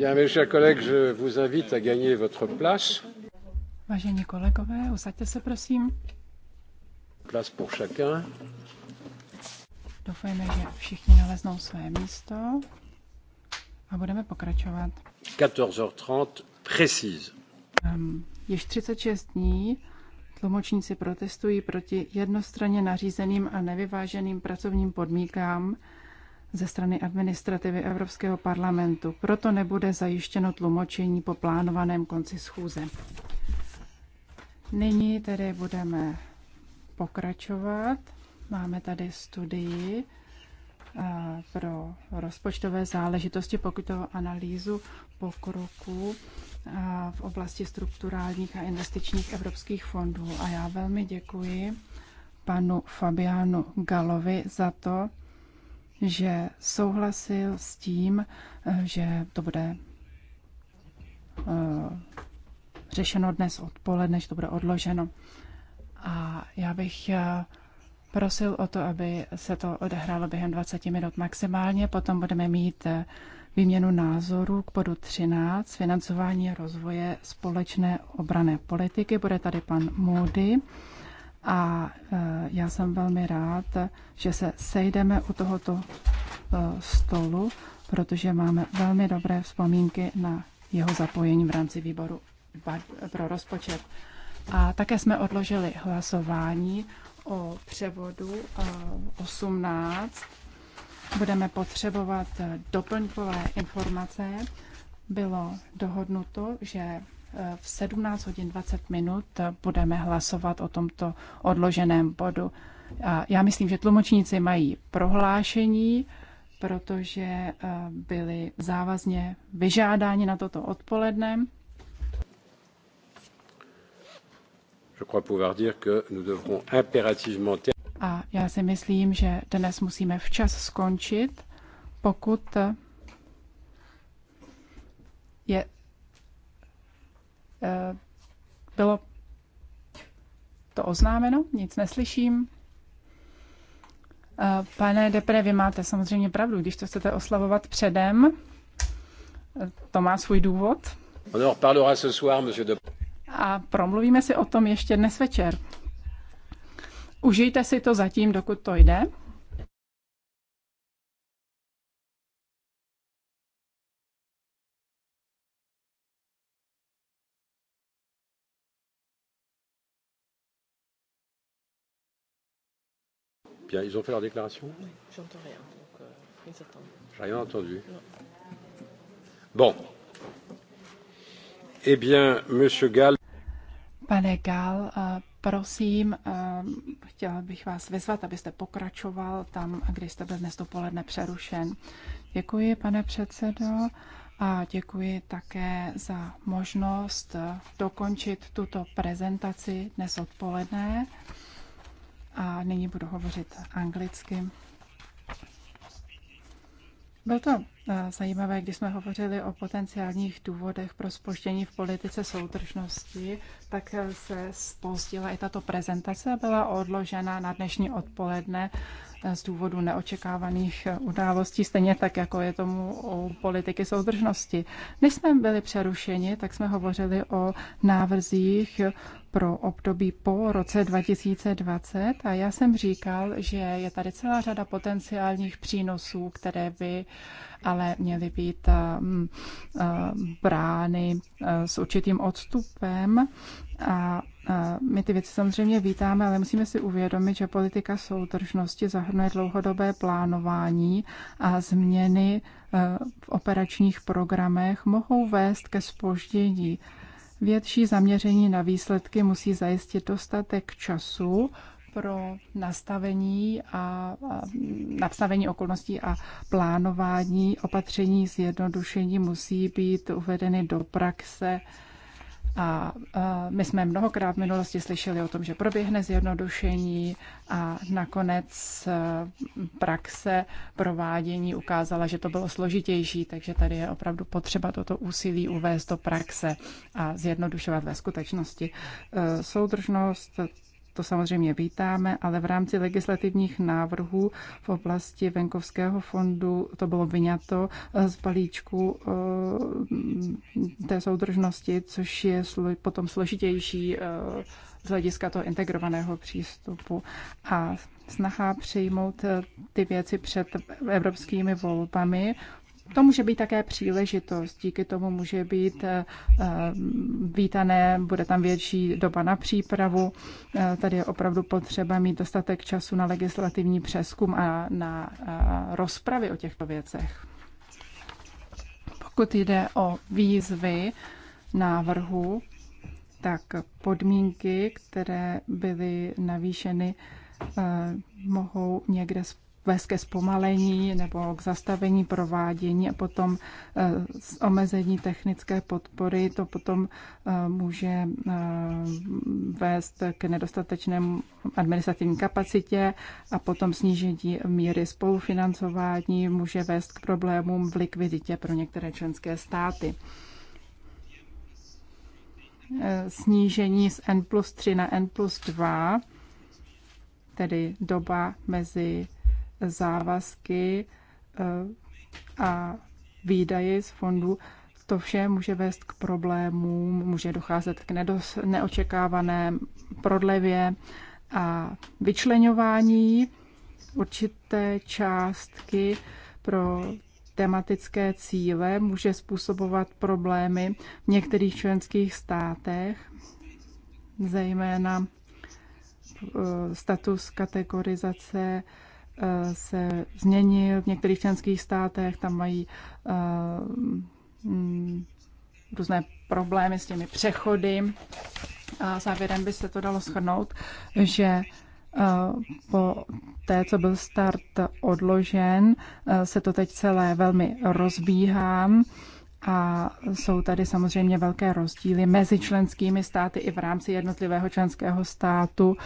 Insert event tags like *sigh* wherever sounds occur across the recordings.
je Vážení kolegové, usaďte se prosím. Place pour chacun. Doufejme, že všichni naleznou své místo a budeme pokračovat. 14h30 Um, ehm, již 36 dní tlumočníci protestují proti jednostranně nařízeným a nevyváženým pracovním podmínkám, ze strany administrativy Evropského parlamentu. Proto nebude zajištěno tlumočení po plánovaném konci schůze. Nyní tedy budeme pokračovat. Máme tady studii eh, pro rozpočtové záležitosti, pokud to analýzu pokroku eh, v oblasti strukturálních a investičních evropských fondů. A já velmi děkuji panu Fabianu Galovi za to, že souhlasil s tím, eh, že to bude eh, řešeno dnes odpoledne, že to bude odloženo. A já bych eh, prosil o to, aby se to odehrálo během 20 minut maximálně. Potom budeme mít výměnu názorů k bodu 13, financování rozvoje společné obrané politiky. Bude tady pan Moody. A e, já jsem velmi rád, že se sejdeme u tohoto e, stolu, protože máme velmi dobré vzpomínky na jeho zapojení v rámci výboru pro rozpočet. A také jsme odložili hlasování o převodu 18. E, Budeme potřebovat doplňkové informace. Bylo dohodnuto, že v 17 hodin 20 minut budeme hlasovat o tomto odloženém bodu. A já myslím, že tlumočníci mají prohlášení, protože eh, byli závazně vyžádáni na toto odpoledne. Je crois pouvoir dire que nous devrons impérativement a já si myslím, že dnes musíme včas skončit, pokud je Eh, bylo to oznámeno, nic neslyším. Eh, pane Depre, vy máte samozřejmě pravdu, když to chcete oslavovat předem, eh, to má svůj důvod. A promluvíme si o tom ještě dnes večer. Užijte si to zatím, dokud to jde. Bien, ils ont fait leur déclaration Oui, j'entends rien. Donc, euh, ils attendent. J'ai rien entendu. Non. Bon. Eh bien, Monsieur Gall. Pane Gall, eh, prosím, eh, chtěl bych vás vyzvat, abyste pokračoval tam, kde jste byl dnes dopoledne přerušen. Děkuji, pane předsedo, a děkuji také za možnost eh, dokončit tuto prezentaci dnes odpoledne a nyní budu hovořit anglicky. Bylo to eh, zajímavé, když jsme hovořili o potenciálních důvodech pro spoždění v politice soudržnosti, tak eh, se spozdila i tato prezentace, byla odložena na dnešní odpoledne z důvodu neočekávaných událostí, stejně tak, jako je tomu u politiky soudržnosti. Než jsme byli přerušeni, tak jsme hovořili o návrzích pro období po roce 2020 a já jsem říkal, že je tady celá řada potenciálních přínosů, které by uh, ale měly být eh, eh, brány eh, s určitým odstupem. A my ty věci samozřejmě vítáme, ale musíme si uvědomit, že politika soudržnosti zahrnuje dlouhodobé plánování a změny v operačních programech mohou vést ke spoždění. Větší zaměření na výsledky musí zajistit dostatek času pro nastavení a, a nastavení okolností a plánování opatření zjednodušení musí být uvedeny do praxe. A, a my jsme mnohokrát v minulosti slyšeli o tom, že proběhne zjednodušení a nakonec e, praxe provádění ukázala, že to bylo složitější, takže tady je opravdu potřeba toto úsilí uvést do praxe a zjednodušovat ve skutečnosti. E, soudržnost to samozřejmě vítáme, ale v rámci legislativních návrhů v oblasti venkovského fondu to bylo vyňato eh, z balíčku eh, té soudržnosti, což je potom složitější eh, z hlediska toho integrovaného přístupu. A snaha přijmout ty věci před evropskými volbami to může být také příležitost, díky tomu může být eh, eh, vítané, bude tam větší doba na přípravu. Eh, tady je opravdu potřeba mít dostatek času na legislativní přeskum a na rozpravy o těchto věcech. Pokud jde o výzvy návrhu, tak podmínky, které byly navýšeny, mohou někde vést ke zpomalení nebo k zastavení provádění a potom eh, omezení technické podpory. To potom eh, může eh, vést k nedostatečnému administrativní kapacitě a potom snížení míry spolufinancování může vést k problémům v likviditě pro některé členské státy snížení z N plus 3 na N plus 2, tedy doba mezi závazky eh, a výdaje z fondu, to vše může vést k problémům, může docházet k nedos, neočekávané prodlevě a vyčlenování určité částky pro tematické cíle může způsobovat problémy v některých členských státech, zejména eh, status kategorizace Eh, se změnil v některých členských státech, tam mají eh, mm, různé problémy s těmi přechody. A závěrem by se to dalo shrnout, že eh, po té, co byl start odložen, se to teď celé velmi rozbíhá a jsou tady samozřejmě velké rozdíly mezi členskými státy i v rámci jednotlivého členského státu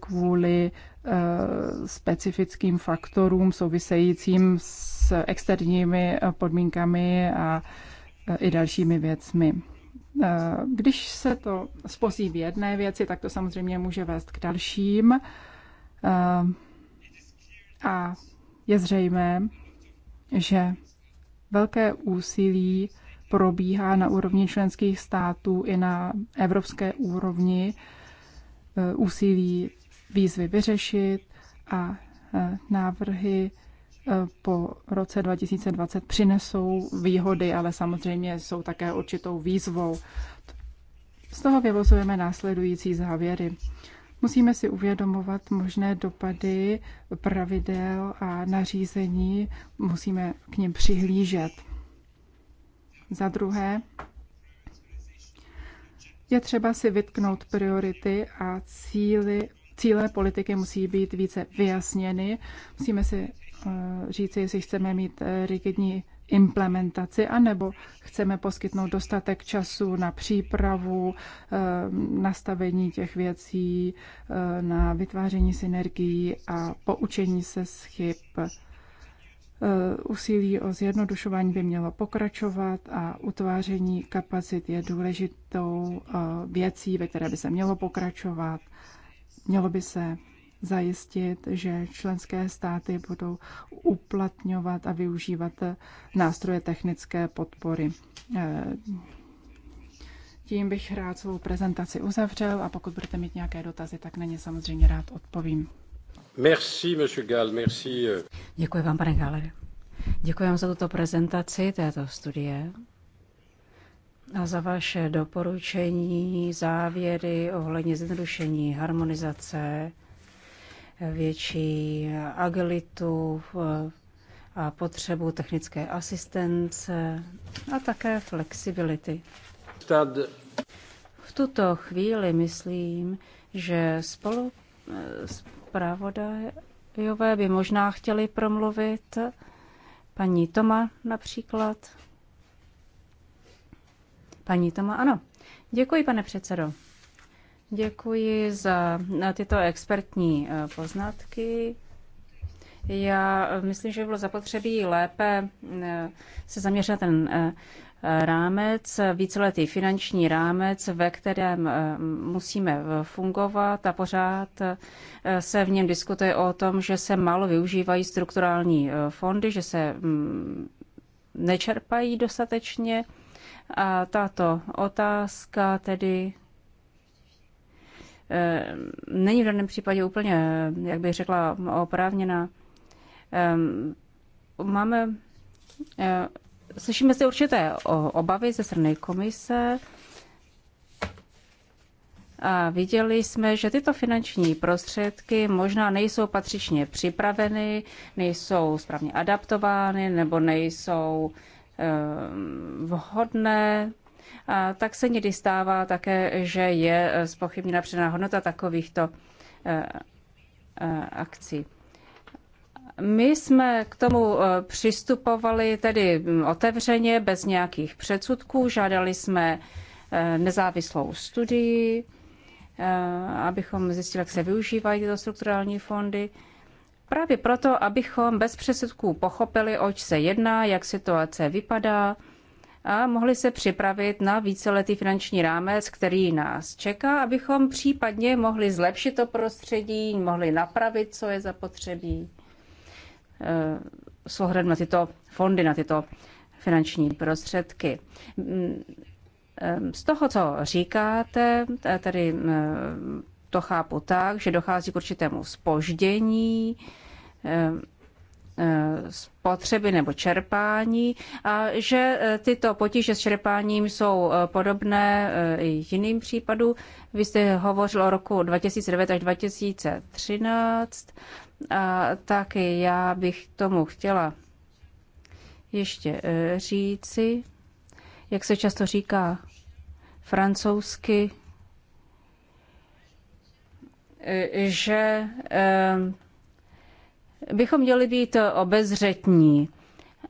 kvůli Eh, specifickým faktorům souvisejícím s externími eh, podmínkami a eh, i dalšími věcmi. Když se to spozí v jedné věci, tak to samozřejmě může vést k dalším. A je zřejmé, že velké úsilí probíhá na úrovni členských států i na evropské úrovni úsilí výzvy vyřešit a e, návrhy e, po roce 2020 přinesou výhody, ale samozřejmě jsou také určitou výzvou. Z toho vyvozujeme následující závěry. Musíme si uvědomovat možné dopady pravidel a nařízení, musíme k ním přihlížet. Za druhé, je třeba si vytknout priority a cíly cíle politiky musí být více vyjasněny. Musíme si eh, říci, jestli chceme mít eh, rigidní implementaci, anebo chceme poskytnout dostatek času na přípravu, eh, nastavení těch věcí, na vytváření synergií a poučení se z chyb. Úsilí o zjednodušování by mělo pokračovat a utváření kapacit je důležitou věcí, ve které by se mělo pokračovat Mělo by se zajistit, že členské státy budou uplatňovat a využívat nástroje technické podpory. Eh, tím bych rád svou prezentaci uzavřel a pokud budete mít nějaké dotazy, tak na ně samozřejmě rád odpovím. Merci, monsieur Gall, merci. Eh. Děkuji vám, pane Galler. Děkuji vám za tuto prezentaci této studie a za vaše doporučení, závěry ohledně zjednodušení harmonizace, větší agilitu eh, a potřebu technické asistence a také flexibility. V tuto chvíli myslím, že spolu eh, zpravodajové by možná chtěli promluvit paní Toma například. Paní Toma, ano. Děkuji, pane předsedo. Děkuji za tyto expertní eh, poznatky. Já eh, myslím, že by bylo zapotřebí lépe eh, se zaměřit na ten rámec, víceletý finanční rámec, ve kterém musíme fungovat a pořád se v něm diskutuje o tom, že se málo využívají strukturální fondy, že se mm, nečerpají dostatečně a tato otázka tedy eh, není v daném případě úplně, jak bych řekla, oprávněná. Ehm, máme, eh, slyšíme si určité obavy ze strany komise a viděli jsme, že tyto finanční prostředky možná nejsou patřičně připraveny, nejsou správně adaptovány nebo nejsou Eh, vhodné. A tak se někdy stává také, že je zpochybněna předná hodnota takovýchto eh, eh, akcí. My jsme k tomu přistupovali tedy otevřeně, bez nějakých předsudků. Žádali jsme nezávislou studii, abychom zjistili, jak se využívají tyto strukturální fondy. Právě proto, abychom bez přesudků pochopili, oč se jedná, jak situace vypadá a mohli se připravit na víceletý finanční rámec, který nás čeká, abychom případně mohli zlepšit to prostředí, mohli napravit, co je zapotřebí eh, s ohledem na tyto fondy, na tyto finanční prostředky. Mm, eh, z toho, co říkáte, tedy eh, to chápu tak, že dochází k určitému spoždění eh, eh, spotřeby nebo čerpání a že eh, tyto potíže s čerpáním jsou podobné i jiným případům. Vy jste hovořil o roku 2009 až 2013, a tak já bych tomu chtěla ještě říci, jak se často říká francouzsky, že eh, bychom měli být obezřetní.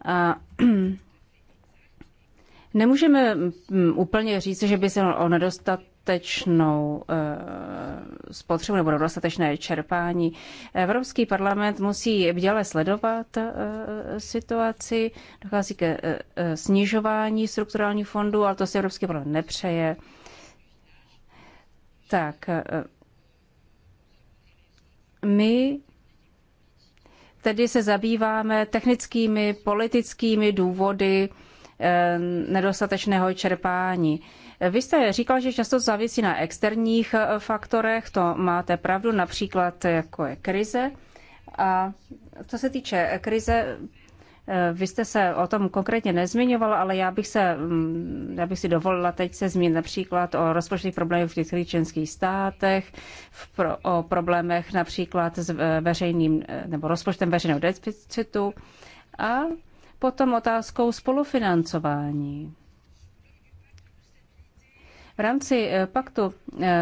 A *clears throat* nemůžeme mm, úplně říct, že by se o nedostat dostatečnou eh, spotřebu nebo dostatečné čerpání. Evropský parlament musí bděle sledovat eh, situaci, dochází ke snižování strukturálních fondů, ale to si Evropský parlament nepřeje. Tak, my tedy se zabýváme technickými, politickými důvody eh, nedostatečného čerpání. Vy jste říkal, že často závisí na externích eh, faktorech, to máte pravdu, například jako je krize. A co se týče krize, Eh, vy jste se o tom konkrétně nezmiňoval, ale já bych, se, mm, já bych si dovolila teď se zmínit například o rozpočtových problémech v některých členských státech, v pro, o problémech například s eh, veřejným eh, nebo rozpočtem veřejného deficitu a potom otázkou spolufinancování. V rámci paktu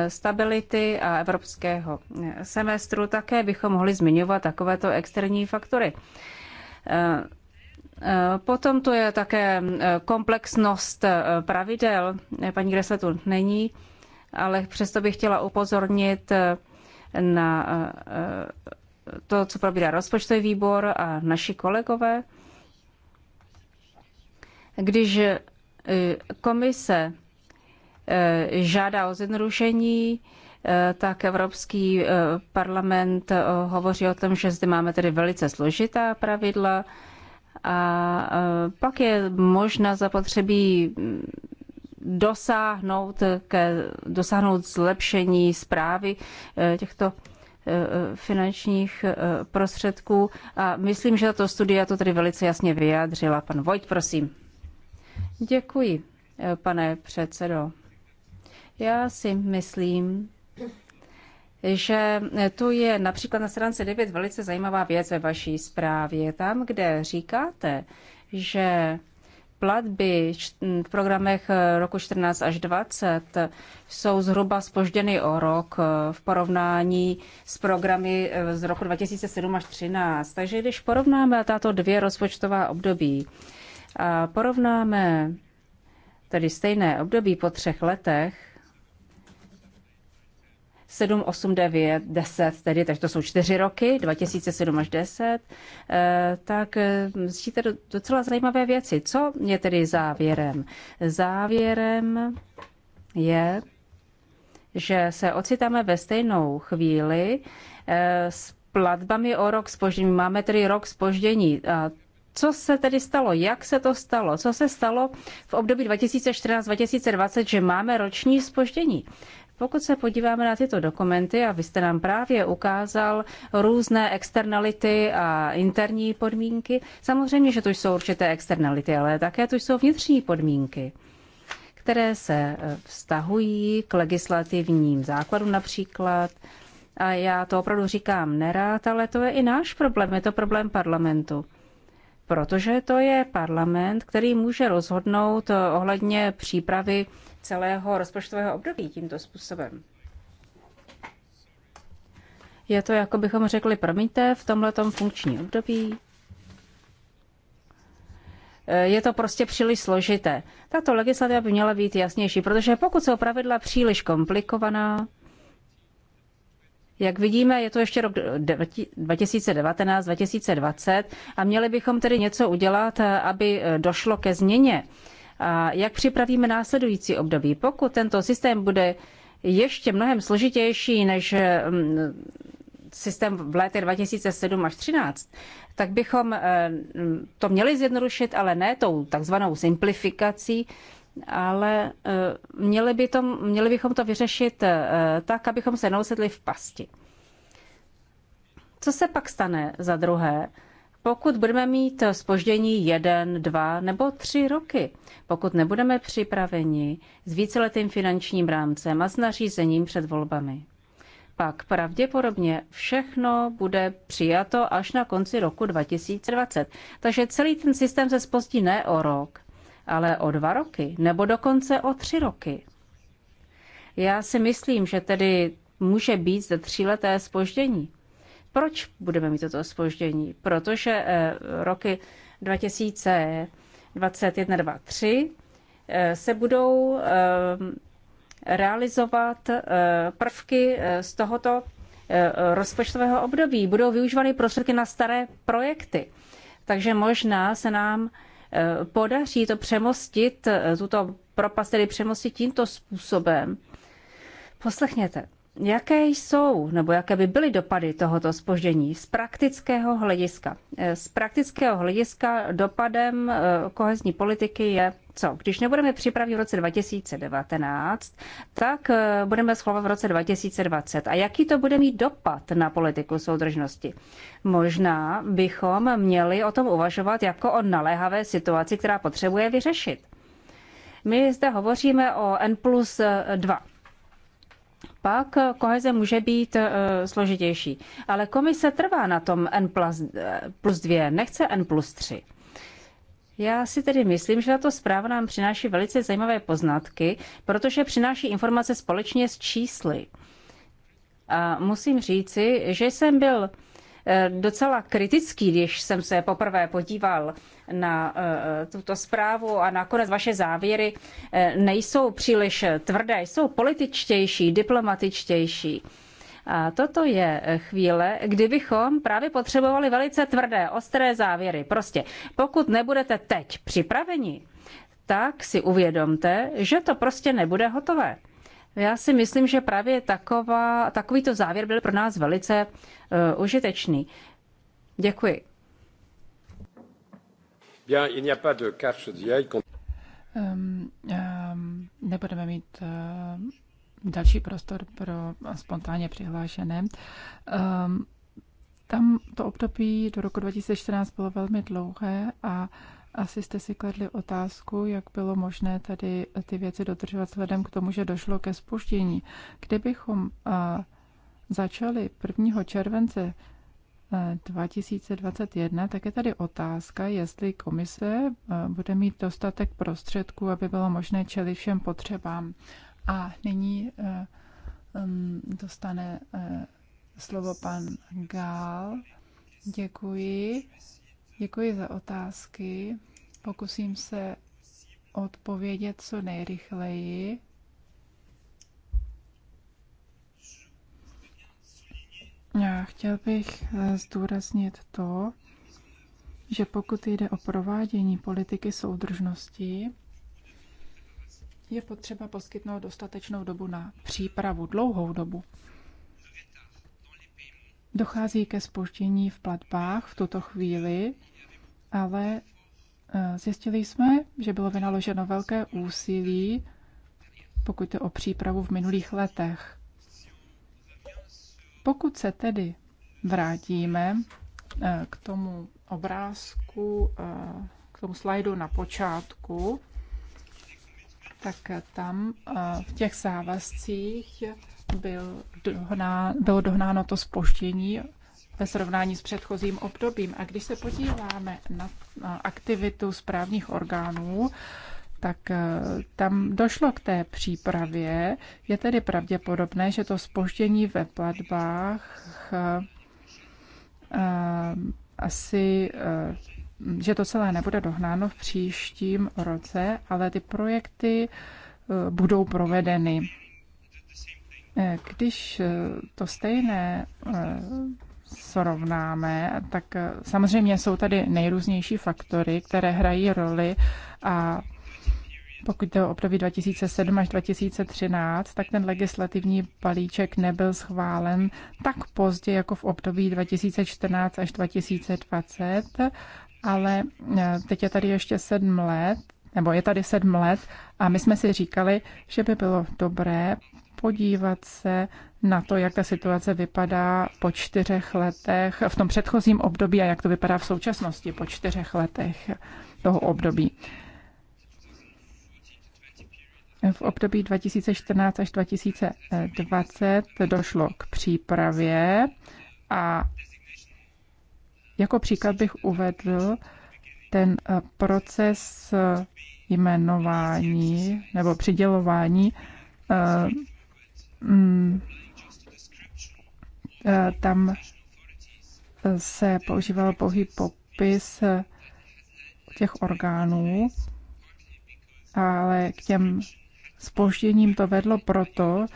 stability a evropského semestru také bychom mohli zmiňovat takovéto externí faktory. Eh, potom tu je také eh, komplexnost eh, pravidel. Paní Gresle tu není, ale přesto bych chtěla upozornit na to, co probírá rozpočtový výbor a naši kolegové. Když komise žádá o zjednodušení, tak Evropský parlament hovoří o tom, že zde máme tedy velice složitá pravidla, a e, pak je možná zapotřebí dosáhnout, ke, dosáhnout zlepšení zprávy e, těchto e, finančních prostředků. A myslím, že tato studia to tady velice jasně vyjádřila. Pan Vojt, prosím. Děkuji, pane předsedo. Já si myslím, že tu je například na stránce 9 velice zajímavá věc ve vaší zprávě. Tam, kde říkáte, že platby v programech roku 14 až 20 jsou zhruba spožděny o rok v porovnání s programy eh, z roku 2007 až 13. Takže když porovnáme tato dvě rozpočtová období a porovnáme tedy stejné období po třech letech, 7, 8, 9, 10, tedy, takže to jsou čtyři roky, 2007 až 10, eh, tak eh, zjistíte docela zajímavé věci. Co je tedy závěrem? Závěrem je, že se ocitáme ve stejnou chvíli eh, s platbami o rok spoždění. Máme tedy rok spoždění. A co se tedy stalo, jak se to stalo, co se stalo v období 2014-2020, že máme roční spoždění. Pokud se podíváme na tyto dokumenty, a vy jste nám právě ukázal různé externality a interní podmínky, samozřejmě, že to jsou určité externality, ale také to jsou vnitřní podmínky které se e, vztahují k legislativním základům například. A já to opravdu říkám nerád, ale to je i náš problém, je to problém parlamentu. Protože to je parlament, který může rozhodnout e, ohledně přípravy celého rozpočtového období tímto způsobem. Je to, jako bychom řekli, promiňte, v tomhletom funkční období. Eh, je to prostě příliš složité. Tato legislativa by měla být jasnější, protože pokud jsou pravidla příliš komplikovaná, jak vidíme, je to ještě rok 2019, 2020 a měli bychom tedy něco udělat, eh, aby eh, došlo ke změně a jak připravíme následující období? Pokud tento systém bude ještě mnohem složitější než mm, systém v létě 2007 až 2013, tak bychom eh, mm, to měli zjednodušit, ale ne tou takzvanou simplifikací, ale eh, měli, by to, měli bychom to vyřešit eh, tak, abychom se neusedli v pasti. Co se pak stane za druhé? pokud budeme mít spoždění jeden, dva nebo tři roky, pokud nebudeme připraveni s víceletým finančním rámcem a s nařízením před volbami, pak pravděpodobně všechno bude přijato až na konci roku 2020. Takže celý ten systém se spozdí ne o rok, ale o dva roky, nebo dokonce o tři roky. Já si myslím, že tedy může být ze tříleté spoždění. Proč budeme mít toto spoždění? Protože eh, roky 2021 2023 eh, se budou eh, realizovat prvky z tohoto rozpočtového období. Budou využívány prostředky na staré projekty. Takže možná se nám podaří to přemostit, tuto propast tedy přemostit tímto způsobem. Poslechněte. Jaké jsou nebo jaké by byly dopady tohoto spoždění z praktického hlediska? Eh, z praktického hlediska dopadem eh, kohezní politiky je co? Když nebudeme připravit v roce 2019, tak eh, budeme schovat v roce 2020. A jaký to bude mít dopad na politiku soudržnosti? Možná bychom měli o tom uvažovat jako o naléhavé situaci, která potřebuje vyřešit. My zde hovoříme o N plus 2 pak koheze může být eh, složitější. Ale komise trvá na tom N plus, eh, plus 2, nechce N plus 3. Já si tedy myslím, že tato zpráva nám přináší velice zajímavé poznatky, protože přináší informace společně s čísly. A musím říci, že jsem byl Eh, docela kritický, když jsem se poprvé podíval na eh, tuto zprávu a nakonec vaše závěry eh, nejsou příliš tvrdé, jsou političtější, diplomatičtější. A toto je chvíle, kdy právě potřebovali velice tvrdé, ostré závěry. Prostě pokud nebudete teď připraveni, tak si uvědomte, že to prostě nebude hotové. Já si myslím, že právě taková, takovýto závěr byl pro nás velice uh, užitečný. Děkuji. Um, um, nebudeme mít uh, další prostor pro spontánně přihlášené. Um, tam to období do roku 2014 bylo velmi dlouhé a uh, asi jste si kladli otázku, jak bylo možné tady ty věci dodržovat vzhledem k tomu, že došlo ke spuštění. Kdybychom začali 1. července 2021, tak je tady otázka, jestli komise bude mít dostatek prostředků, aby bylo možné čelit všem potřebám. A nyní um, dostane slovo pan Gál. Děkuji. Děkuji za otázky. Pokusím se odpovědět co nejrychleji. Já chtěl bych eh, zdůraznit to, že pokud jde o provádění politiky soudržnosti, je potřeba poskytnout dostatečnou dobu na přípravu, dlouhou dobu. Dochází ke spoždění v platbách v tuto chvíli, ale e, zjistili jsme, že bylo vynaloženo velké úsilí, pokud je o přípravu v minulých letech. Pokud se tedy vrátíme e, k tomu obrázku, e, k tomu slajdu na počátku, tak tam v těch závazcích byl dohná, bylo dohnáno to spoždění ve srovnání s předchozím obdobím. A když se podíváme na aktivitu správních orgánů, tak eh, tam došlo k té přípravě. Je tedy pravděpodobné, že to spoždění ve platbách eh, eh, asi, že to celé nebude dohnáno v příštím roce, ale ty projekty budou provedeny. Eh, když eh, to stejné eh, srovnáme, tak samozřejmě jsou tady nejrůznější faktory, které hrají roli a pokud to o období 2007 až 2013, tak ten legislativní balíček nebyl schválen tak pozdě jako v období 2014 až 2020, ale teď je tady ještě sedm let, nebo je tady sedm let a my jsme si říkali, že by bylo dobré podívat se na to, jak ta situace vypadá po čtyřech letech, v tom předchozím období a jak to vypadá v současnosti po čtyřech letech toho období. V období 2014 až 2020 došlo k přípravě a jako příklad bych uvedl ten eh, proces eh, jmenování nebo přidělování eh, Mm. Eh, tam se používal pouhý popis eh, těch orgánů, ale k těm spožděním to vedlo proto,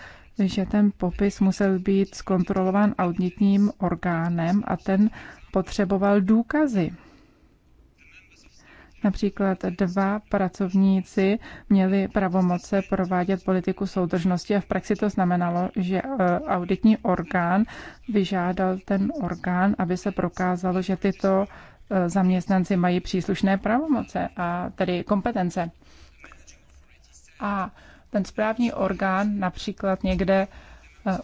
že ten popis musel být zkontrolován auditním orgánem a ten potřeboval důkazy. Například dva pracovníci měli pravomoce provádět politiku soudržnosti a v praxi to znamenalo, že e, auditní orgán vyžádal ten orgán, aby se prokázalo, že tyto e, zaměstnanci mají příslušné pravomoce a tedy kompetence. A ten správní orgán například někde e,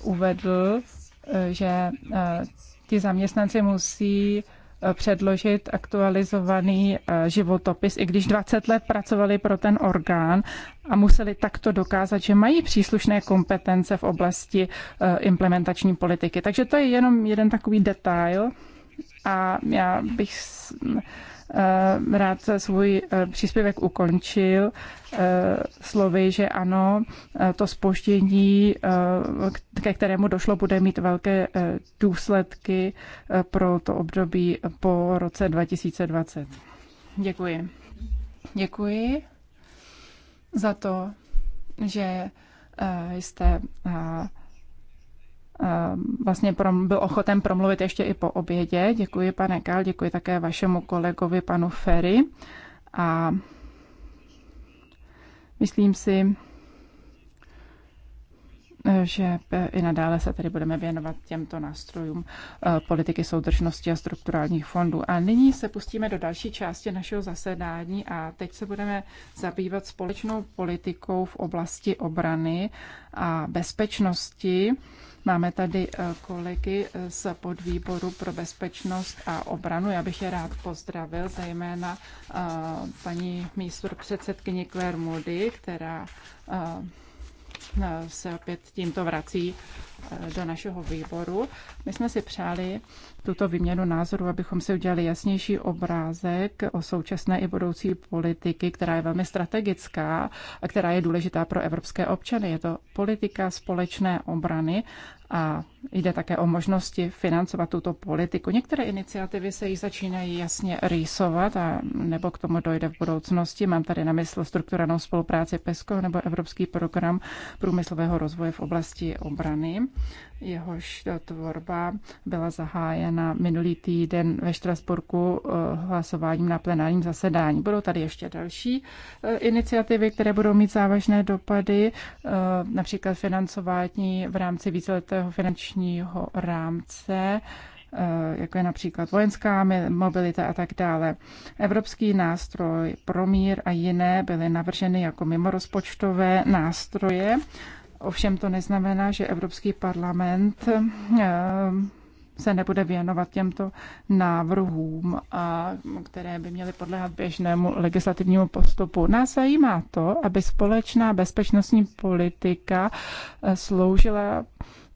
uvedl, že ti zaměstnanci musí předložit aktualizovaný eh, životopis, i když 20 let pracovali pro ten orgán a museli takto dokázat, že mají příslušné kompetence v oblasti eh, implementační politiky. Takže to je jenom jeden takový detail a já bych Eh, rád svůj eh, příspěvek ukončil eh, slovy, že ano, to spoždění, ke kterému došlo, bude mít velké důsledky pro to období po roce 2020. Děkuji. Děkuji za to, že jste Eh, vlastně byl ochoten promluvit ještě i po obědě. Děkuji, pane Kál, děkuji také vašemu kolegovi, panu Ferry. A myslím si, že i nadále se tady budeme věnovat těmto nástrojům eh, politiky soudržnosti a strukturálních fondů. A nyní se pustíme do další části našeho zasedání a teď se budeme zabývat společnou politikou v oblasti obrany a bezpečnosti. Máme tady eh, kolegy eh, z podvýboru pro bezpečnost a obranu. Já bych je rád pozdravil, zejména eh, paní místor předsedkyni Claire Moody, která se opět tímto vrací do našeho výboru. My jsme si přáli tuto výměnu názoru, abychom si udělali jasnější obrázek o současné i budoucí politiky, která je velmi strategická a která je důležitá pro evropské občany. Je to politika společné obrany a jde také o možnosti financovat tuto politiku. Některé iniciativy se již začínají jasně rýsovat a nebo k tomu dojde v budoucnosti. Mám tady na mysl strukturovanou spolupráci PESCO nebo Evropský program průmyslového rozvoje v oblasti obrany. Jehož tvorba byla zahájena minulý týden ve Štrasburku eh, hlasováním na plenárním zasedání. Budou tady ještě další eh, iniciativy, které budou mít závažné dopady, eh, například financování v rámci víceletého víceletého finančního rámce, eh, jako je například vojenská mobilita a tak dále. Evropský nástroj pro mír a jiné byly navrženy jako mimorozpočtové nástroje. Ovšem to neznamená, že Evropský parlament eh, se nebude věnovat těmto návrhům, a, které by měly podléhat běžnému legislativnímu postupu. Nás zajímá to, aby společná bezpečnostní politika eh, sloužila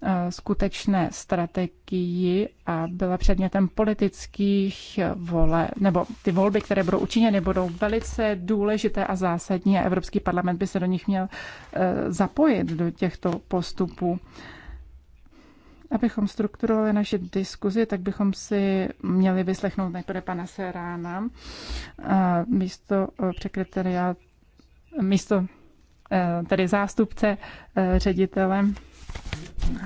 Eh, skutečné strategii a byla předmětem politických eh, vole, nebo ty volby, které budou učiněny, budou velice důležité a zásadní a Evropský parlament by se do nich měl eh, zapojit do těchto postupů. Abychom strukturovali naše diskuzi, tak bychom si měli vyslechnout nejprve pana Serána, místo překretariátu, místo tedy zástupce ředitele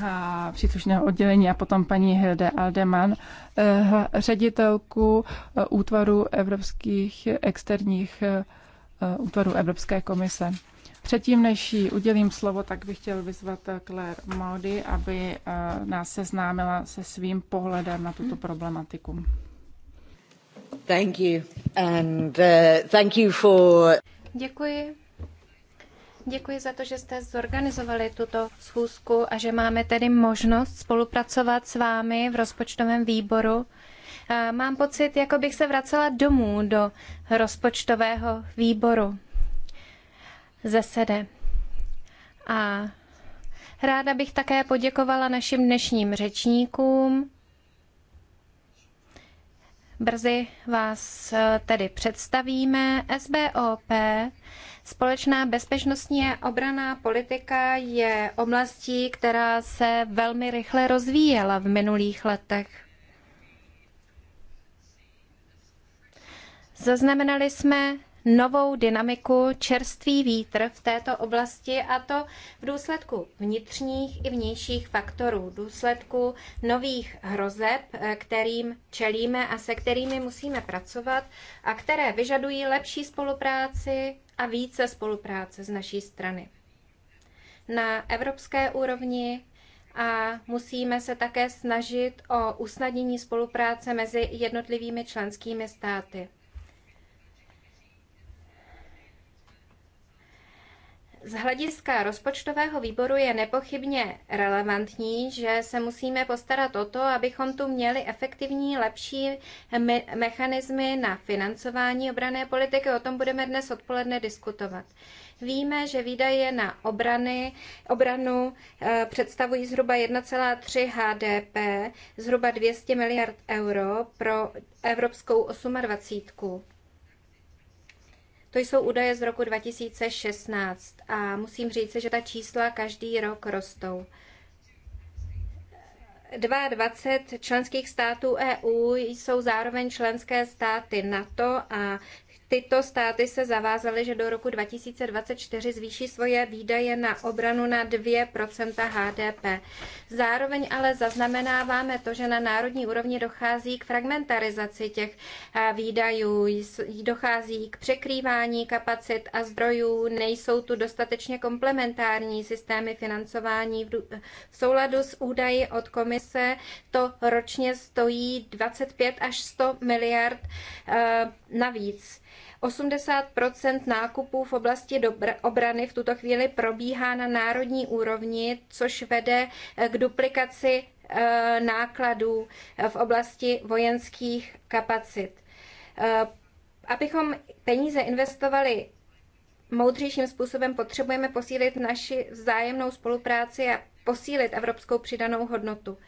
a příslušného oddělení a potom paní Hilde Aldeman, eh, ředitelku eh, útvaru evropských externích eh, útvarů Evropské komise. Předtím, než jí udělím slovo, tak bych chtěl vyzvat Claire Maudy, aby nás seznámila se svým pohledem na tuto problematiku. Thank you. And, uh, thank you for... Děkuji Děkuji za to, že jste zorganizovali tuto schůzku a že máme tedy možnost spolupracovat s vámi v rozpočtovém výboru. Mám pocit, jako bych se vracela domů do rozpočtového výboru ze sede. A ráda bych také poděkovala našim dnešním řečníkům Brzy vás eh, tedy představíme. SBOP, společná bezpečnostní a obraná politika, je oblastí, která se velmi rychle rozvíjela v minulých letech. Zaznamenali jsme novou dynamiku, čerstvý vítr v této oblasti a to v důsledku vnitřních i vnějších faktorů, v důsledku nových hrozeb, eh, kterým čelíme a se kterými musíme pracovat a které vyžadují lepší spolupráci a více spolupráce z naší strany. Na evropské úrovni a musíme se také snažit o usnadnění spolupráce mezi jednotlivými členskými státy. z hlediska rozpočtového výboru je nepochybně relevantní, že se musíme postarat o to, abychom tu měli efektivní, lepší me- mechanismy na financování obrané politiky. O tom budeme dnes odpoledne diskutovat. Víme, že výdaje na obrany, obranu e, představují zhruba 1,3 HDP, zhruba 200 miliard euro pro Evropskou 28. To jsou údaje z roku 2016 a musím říct, že ta čísla každý rok rostou. 22 členských států EU jsou zároveň členské státy NATO a Tyto státy se zavázaly, že do roku 2024 zvýší svoje výdaje na obranu na 2 HDP. Zároveň ale zaznamenáváme to, že na národní úrovni dochází k fragmentarizaci těch eh, výdajů, dochází k překrývání kapacit a zdrojů, nejsou tu dostatečně komplementární systémy financování. V souladu s údaji od komise to ročně stojí 25 až 100 miliard eh, navíc. 80 nákupů v oblasti obrany v tuto chvíli probíhá na národní úrovni, což vede eh, k duplikaci eh, nákladů eh, v oblasti vojenských kapacit. Abychom peníze investovali moudřejším způsobem, potřebujeme posílit naši vzájemnou spolupráci a posílit evropskou přidanou hodnotu.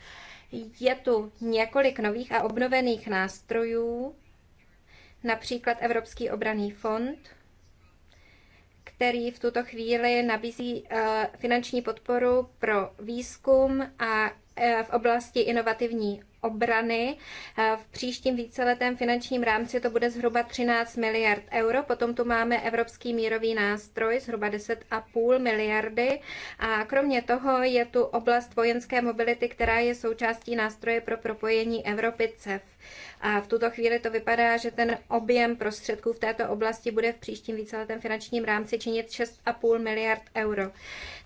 Je tu několik nových a obnovených nástrojů, například Evropský obraný fond, který v tuto chvíli nabízí eh, finanční podporu pro výzkum a eh, v oblasti inovativní obrany. Eh, v příštím víceletém finančním rámci to bude zhruba 13 miliard euro. Potom tu máme Evropský mírový nástroj, zhruba 10,5 miliardy. A kromě toho je tu oblast vojenské mobility, která je součástí nástroje pro propojení Evropy CEF. A v tuto chvíli to vypadá, že ten objem prostředků v této oblasti bude v příštím víceletém finančním rámci činit 6,5 miliard euro.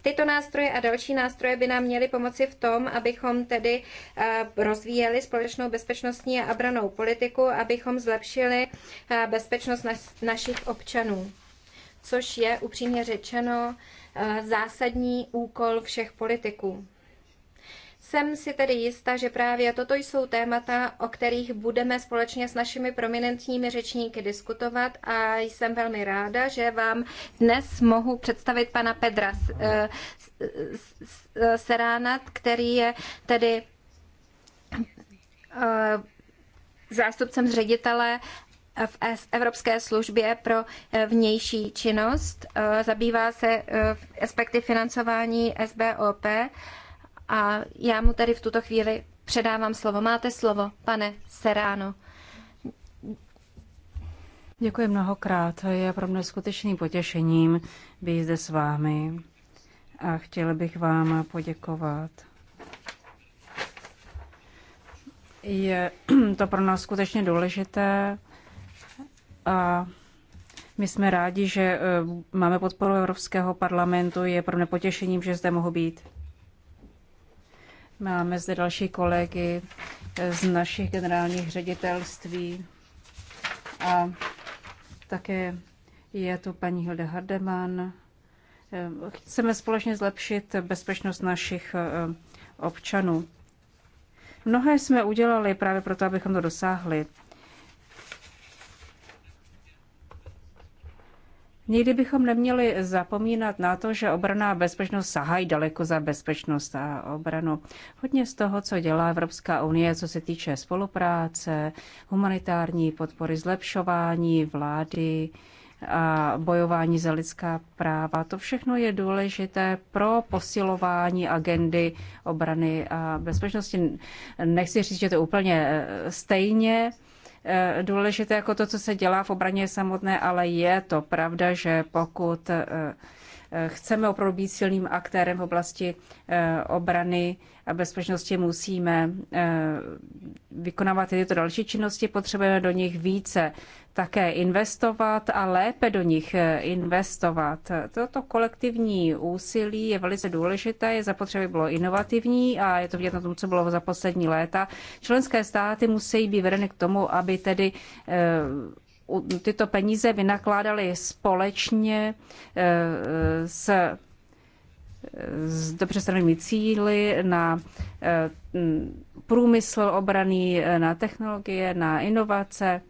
Tyto nástroje a další nástroje by nám měly pomoci v tom, abychom tedy eh, rozvíjeli společnou bezpečnostní a obranou politiku, abychom zlepšili eh, bezpečnost našich občanů což je upřímně řečeno eh, zásadní úkol všech politiků. Jsem si tedy jista, že právě toto jsou témata, o kterých budeme společně s našimi prominentními řečníky diskutovat a jsem velmi ráda, že vám dnes mohu představit pana Pedra eh, Seránat, který je tedy eh, zástupcem ředitele v Evropské službě pro eh, vnější činnost. Zabývá se aspekty financování SBOP a já mu tady v tuto chvíli předávám slovo. Máte slovo, pane Seráno. Děkuji mnohokrát. Je pro mě skutečným potěšením být zde s vámi a chtěl bych vám poděkovat. Je *clears throat* to pro nás skutečně důležité a my jsme rádi, že eh, máme podporu Evropského parlamentu. Je pro mě potěšením, že zde mohu být. Máme zde další kolegy z našich generálních ředitelství a také je tu paní Hilda Hardeman. Eh, chceme společně zlepšit bezpečnost našich eh, občanů. Mnohé jsme udělali právě proto, abychom to dosáhli. Nikdy bychom neměli zapomínat na to, že obrana a bezpečnost sahají daleko za bezpečnost a obranu. Hodně z toho, co dělá Evropská unie, co se týče spolupráce, humanitární podpory, zlepšování vlády, a bojování za lidská práva. To všechno je důležité pro posilování agendy obrany a bezpečnosti. Nechci říct, že to je úplně eh, stejně, Eh, důležité jako to, co se dělá v obraně samotné, ale je to pravda, že pokud eh, chceme opravdu být silným aktérem v oblasti eh, obrany a bezpečnosti, musíme eh, vykonávat tyto další činnosti, potřebujeme do nich více také investovat a lépe do nich eh, investovat. Toto kolektivní úsilí je velice důležité, je zapotřebí bylo inovativní a je to vidět na tom, co bylo za poslední léta. Členské státy musí být vedeny k tomu, aby tedy tyto peníze vynakládali společně eh, s s dobře stanovými cíly na eh, průmysl obraný, eh, na technologie, na inovace.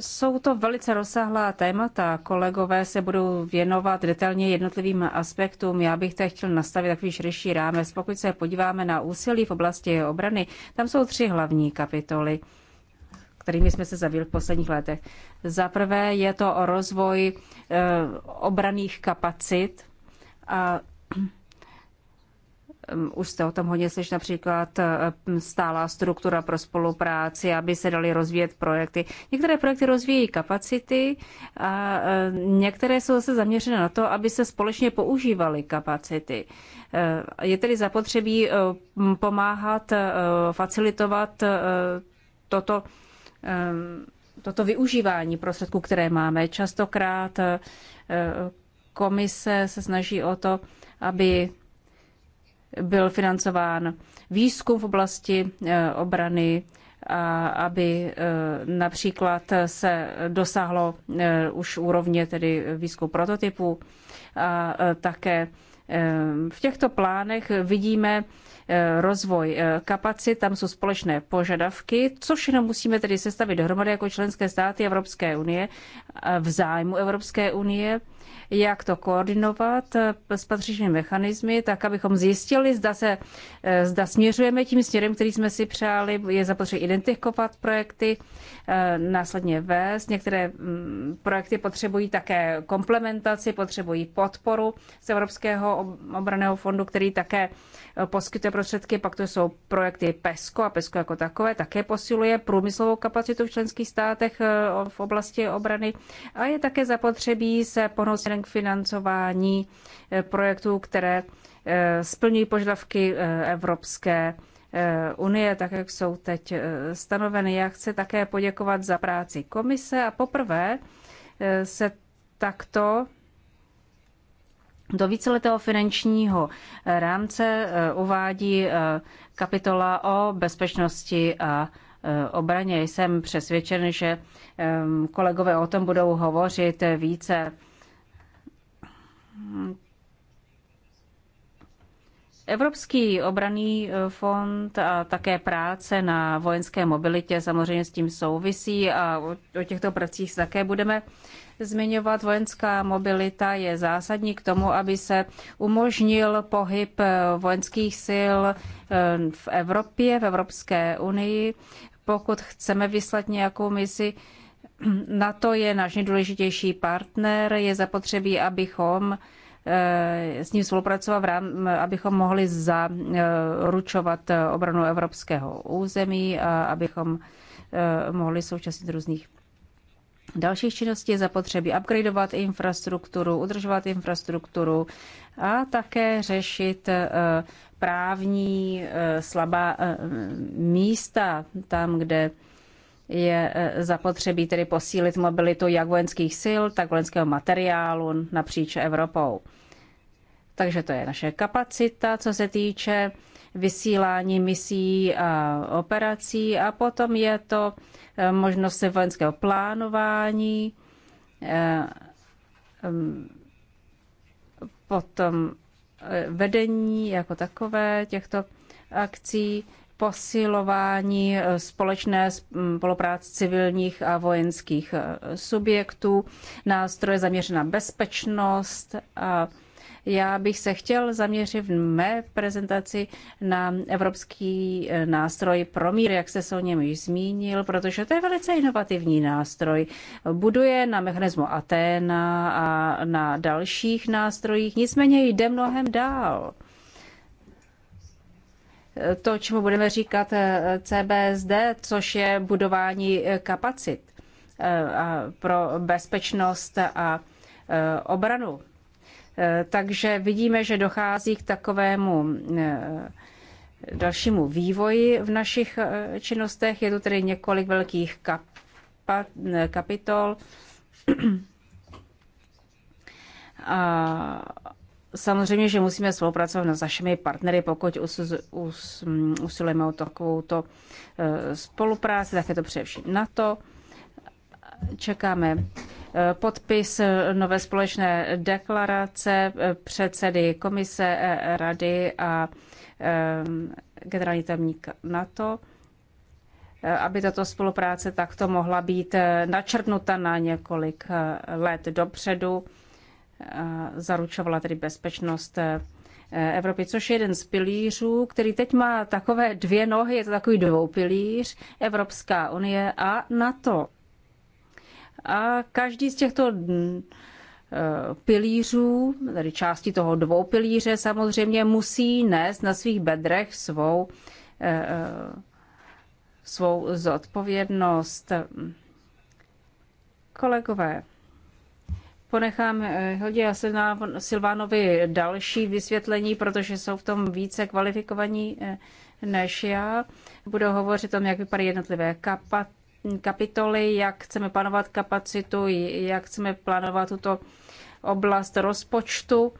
Jsou to velice rozsáhlá témata. Kolegové se budou věnovat detailně jednotlivým aspektům. Já bych teď chtěl nastavit takový širší rámec. Pokud se podíváme na úsilí v oblasti obrany, tam jsou tři hlavní kapitoly kterými jsme se zavili v posledních letech. Za prvé je to o rozvoj eh, obraných kapacit a *clears throat* už jste o tom hodně slyš, například eh, stálá struktura pro spolupráci, aby se daly rozvíjet projekty. Některé projekty rozvíjí kapacity a eh, některé jsou zase zaměřené na to, aby se společně používaly kapacity. Je tedy zapotřebí pomáhat, facilitovat toto Ehm, toto využívání prostředků, které máme. Častokrát eh, komise se snaží o to, aby byl financován výzkum v oblasti eh, obrany, a aby eh, například se dosáhlo už úrovně tedy výzkum prototypů a také Ehm, v těchto plánech vidíme eh, rozvoj eh, kapacit, tam jsou společné požadavky, což jenom musíme tedy sestavit dohromady jako členské státy Evropské unie eh, v zájmu Evropské unie jak to koordinovat eh, s patřičnými mechanismy, tak abychom zjistili, zda, se, eh, zda směřujeme tím směrem, který jsme si přáli. Je zapotřebí identifikovat projekty, eh, následně vést. Některé mm, projekty potřebují také komplementaci, potřebují podporu z Evropského obraného fondu, který také Eh, poskytuje prostředky, pak to jsou projekty PESCO a PESCO jako takové také posiluje průmyslovou kapacitu v členských státech eh, v oblasti obrany a je také zapotřebí se ponosit k financování eh, projektů, které splňují požadavky Evropské unie, tak jak jsou teď stanoveny. Já chci také poděkovat za práci komise a poprvé se takto do víceletého finančního rámce eh, uvádí eh, kapitola o bezpečnosti a eh, obraně. Jsem přesvědčen, že kolegové o tom budou hovořit více. Evropský obraný fond a také práce na vojenské mobilitě samozřejmě s tím souvisí a o těchto pracích také budeme zmiňovat. Vojenská mobilita je zásadní k tomu, aby se umožnil pohyb eh, vojenských sil eh, v Evropě, v Evropské unii. Pokud chceme vyslat nějakou misi, *clears throat* na to je náš nejdůležitější partner. Je zapotřebí, abychom eh, s ním spolupracovat, abychom mohli zaručovat obranu evropského území a abychom mohli současnit různých dalších činností je zapotřebí upgradeovat infrastrukturu, udržovat infrastrukturu a také řešit eh, právní eh, slabá eh, místa tam, kde je zapotřebí tedy posílit mobilitu jak vojenských sil, tak vojenského materiálu napříč Evropou. Takže to je naše kapacita, co se týče vysílání misí a operací a potom je to eh, možnost vojenského plánování, eh, mm, potom eh, vedení jako takové těchto akcí, posilování společné mm, spolupráce civilních a vojenských subjektů, nástroje zaměřené na bezpečnost a já bych se chtěl zaměřit v mé prezentaci na evropský eh, nástroj Promír, jak se se o něm již zmínil, protože to je velice inovativní nástroj. Buduje na mechanismu Aténa a na dalších nástrojích, nicméně jde mnohem dál to, čemu budeme říkat eh, CBSD, což je budování eh, kapacit pro bezpečnost a obranu. Eh, takže vidíme, že dochází k takovému eh, dalšímu vývoji v našich eh, činnostech. Je tu tedy několik velkých kapitol. A samozřejmě, že musíme spolupracovat s našimi partnery, pokud usilujeme o takovou spolupráci, tak je to především to. Čekáme podpis nové společné deklarace předsedy komise eh, rady a eh, generální tajemník NATO, eh, aby tato spolupráce takto mohla být načrtnuta na několik let dopředu, zaručovala tedy bezpečnost Evropy, což je jeden z pilířů, který teď má takové dvě nohy, je to takový dvoupilíř, Evropská unie a NATO. A každý z těchto mm, eh, pilířů, tedy části toho dvou pilíře samozřejmě musí nést na svých bedrech svou, eh, eh, svou zodpovědnost. Kolegové, ponechám Hildě a Silvánovi další vysvětlení, protože jsou v tom více kvalifikovaní než já. Budou hovořit o tom, jak vypadají jednotlivé kapat kapitoly, jak chceme plánovat kapacitu, jak chceme plánovat tuto oblast rozpočtu,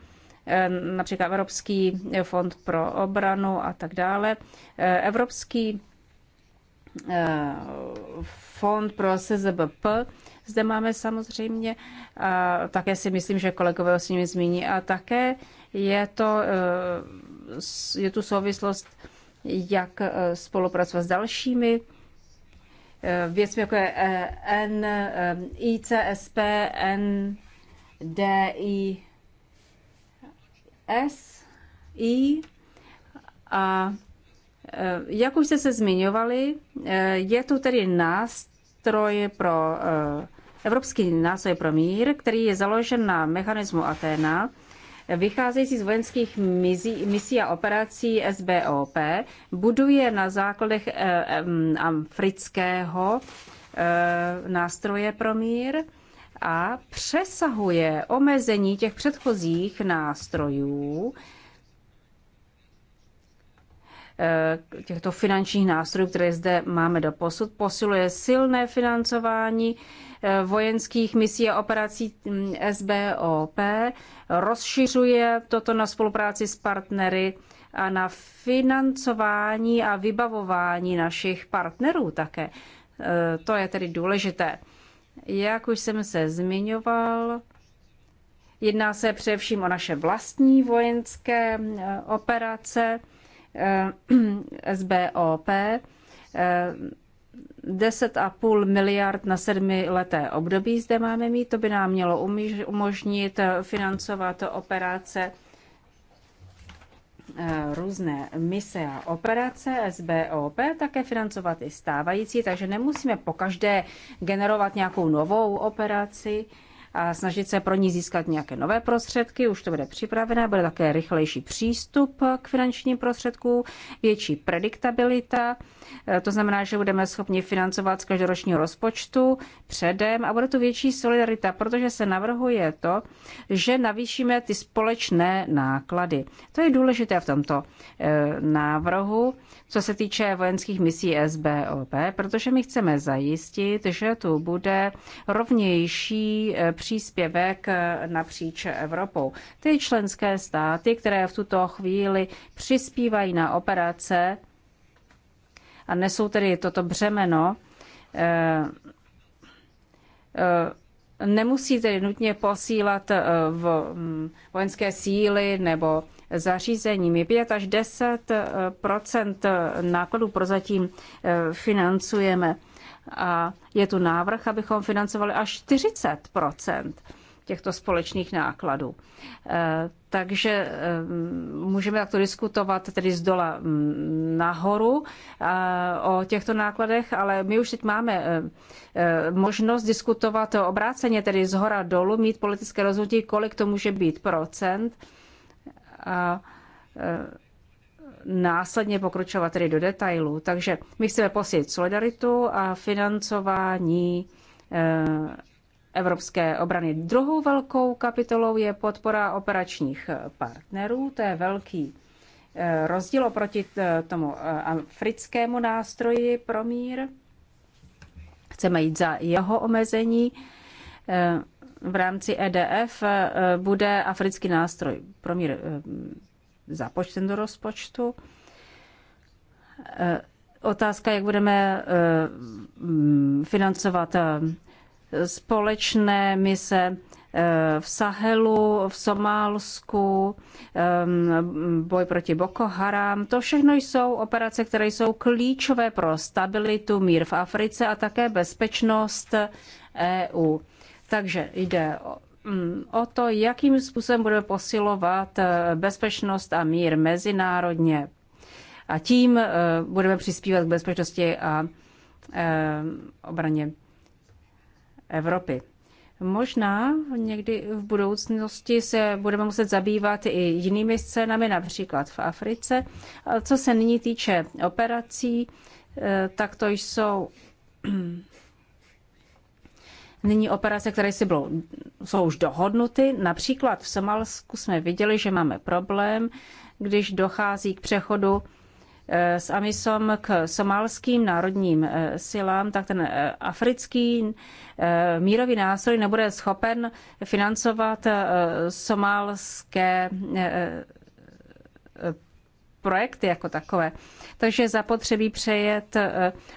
eh, například Evropský fond pro obranu a tak dále. Eh, Evropský eh, fond pro SZBP. Zde máme samozřejmě, a také si myslím, že kolegové s nimi zmíní, a také je, to, je tu souvislost, jak spolupracovat s dalšími Eh, věcmi, jako je eh, N, eh, ICSP, N, D, I, S, I. A jak už jste se zmiňovali, je tu tedy nástroj pro Evropský nástroj pro mír, který je založen na mechanismu Aténa, vycházející z vojenských misí a operací SBOP buduje na základech eh, eh, afrického eh, nástroje pro mír a přesahuje omezení těch předchozích nástrojů, těchto finančních nástrojů, které zde máme do posud, posiluje silné financování Eh, vojenských misí a operací mm, SBOP, rozšiřuje toto na spolupráci s partnery a na financování a vybavování našich partnerů také. Eh, to je tedy důležité. Jak už jsem se zmiňoval, jedná se především o naše vlastní vojenské eh, operace SBOP, *clears throat* 10,5 miliard na leté období zde máme mít. To by nám mělo umožnit financovat operace eh, různé mise a operace SBOP, také financovat i stávající, takže nemusíme po každé generovat nějakou novou operaci a snažit se pro ní získat nějaké nové prostředky. Už to bude připravené, bude také rychlejší přístup k finančním prostředkům, větší prediktabilita Eh, to znamená, že budeme schopni financovat z každoročního rozpočtu předem a bude tu větší solidarita, protože se navrhuje to, že navýšíme ty společné náklady. To je důležité v tomto eh, návrhu, co se týče vojenských misí SBOP, protože my chceme zajistit, že tu bude rovnější eh, příspěvek napříč Evropou. Ty členské státy, které v tuto chvíli přispívají na operace, a nesou tedy toto břemeno, eh, eh, nemusí tedy nutně posílat eh, v hm, vojenské síly nebo zařízeními. 5 až 10 nákladů prozatím financujeme. A je tu návrh, abychom financovali až 40 těchto společných nákladů. Eh, takže eh, můžeme takto diskutovat tedy z dola mm, nahoru eh, o těchto nákladech, ale my už teď máme možnost diskutovat obráceně, tedy z hora dolů, mít politické rozhodnutí, kolik to může být procent. A následně pokročovat tedy do detailů. Takže my chceme posílit solidaritu a financování evropské obrany. Druhou velkou kapitolou je podpora operačních partnerů. To je velký eh, rozdíl oproti eh, tomu eh, africkému nástroji pro mír. Chceme jít za jeho omezení. V rámci EDF bude africký nástroj pro mír započten do rozpočtu. Otázka, jak budeme financovat společné mise eh, v Sahelu, v Somálsku, eh, boj proti Boko Haram. To všechno jsou operace, které jsou klíčové pro stabilitu, mír v Africe a také bezpečnost EU. Takže jde mm, o to, jakým způsobem budeme posilovat eh, bezpečnost a mír mezinárodně. A tím budeme přispívat k bezpečnosti a obraně Evropy. Možná někdy v budoucnosti se budeme muset zabývat i jinými scénami, například v Africe. Co se nyní týče operací, eh, tak to jsou *clears throat* nyní operace, které si bylo, jsou už dohodnuty. Například v Somalsku jsme viděli, že máme problém, když dochází k přechodu Eh, s Amisom k somálským národním eh, silám, tak ten eh, africký mírový nástroj nebude schopen financovat somálské projekty jako takové. Takže zapotřebí přejet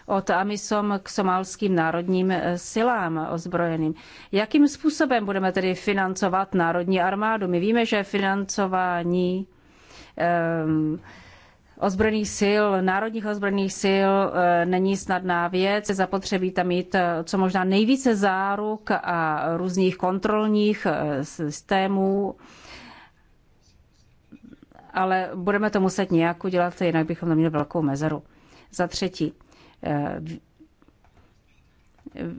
od Amisom k somálským národním silám ozbrojeným. Jakým způsobem budeme tedy financovat národní armádu? My víme, že financování um, ozbrojených sil, národních ozbrojených sil eh, není snadná věc. Zapotřebí tam mít eh, co možná nejvíce záruk a různých kontrolních eh, systémů, ale budeme to muset nějak udělat, jinak bychom neměli velkou mezeru. Za třetí,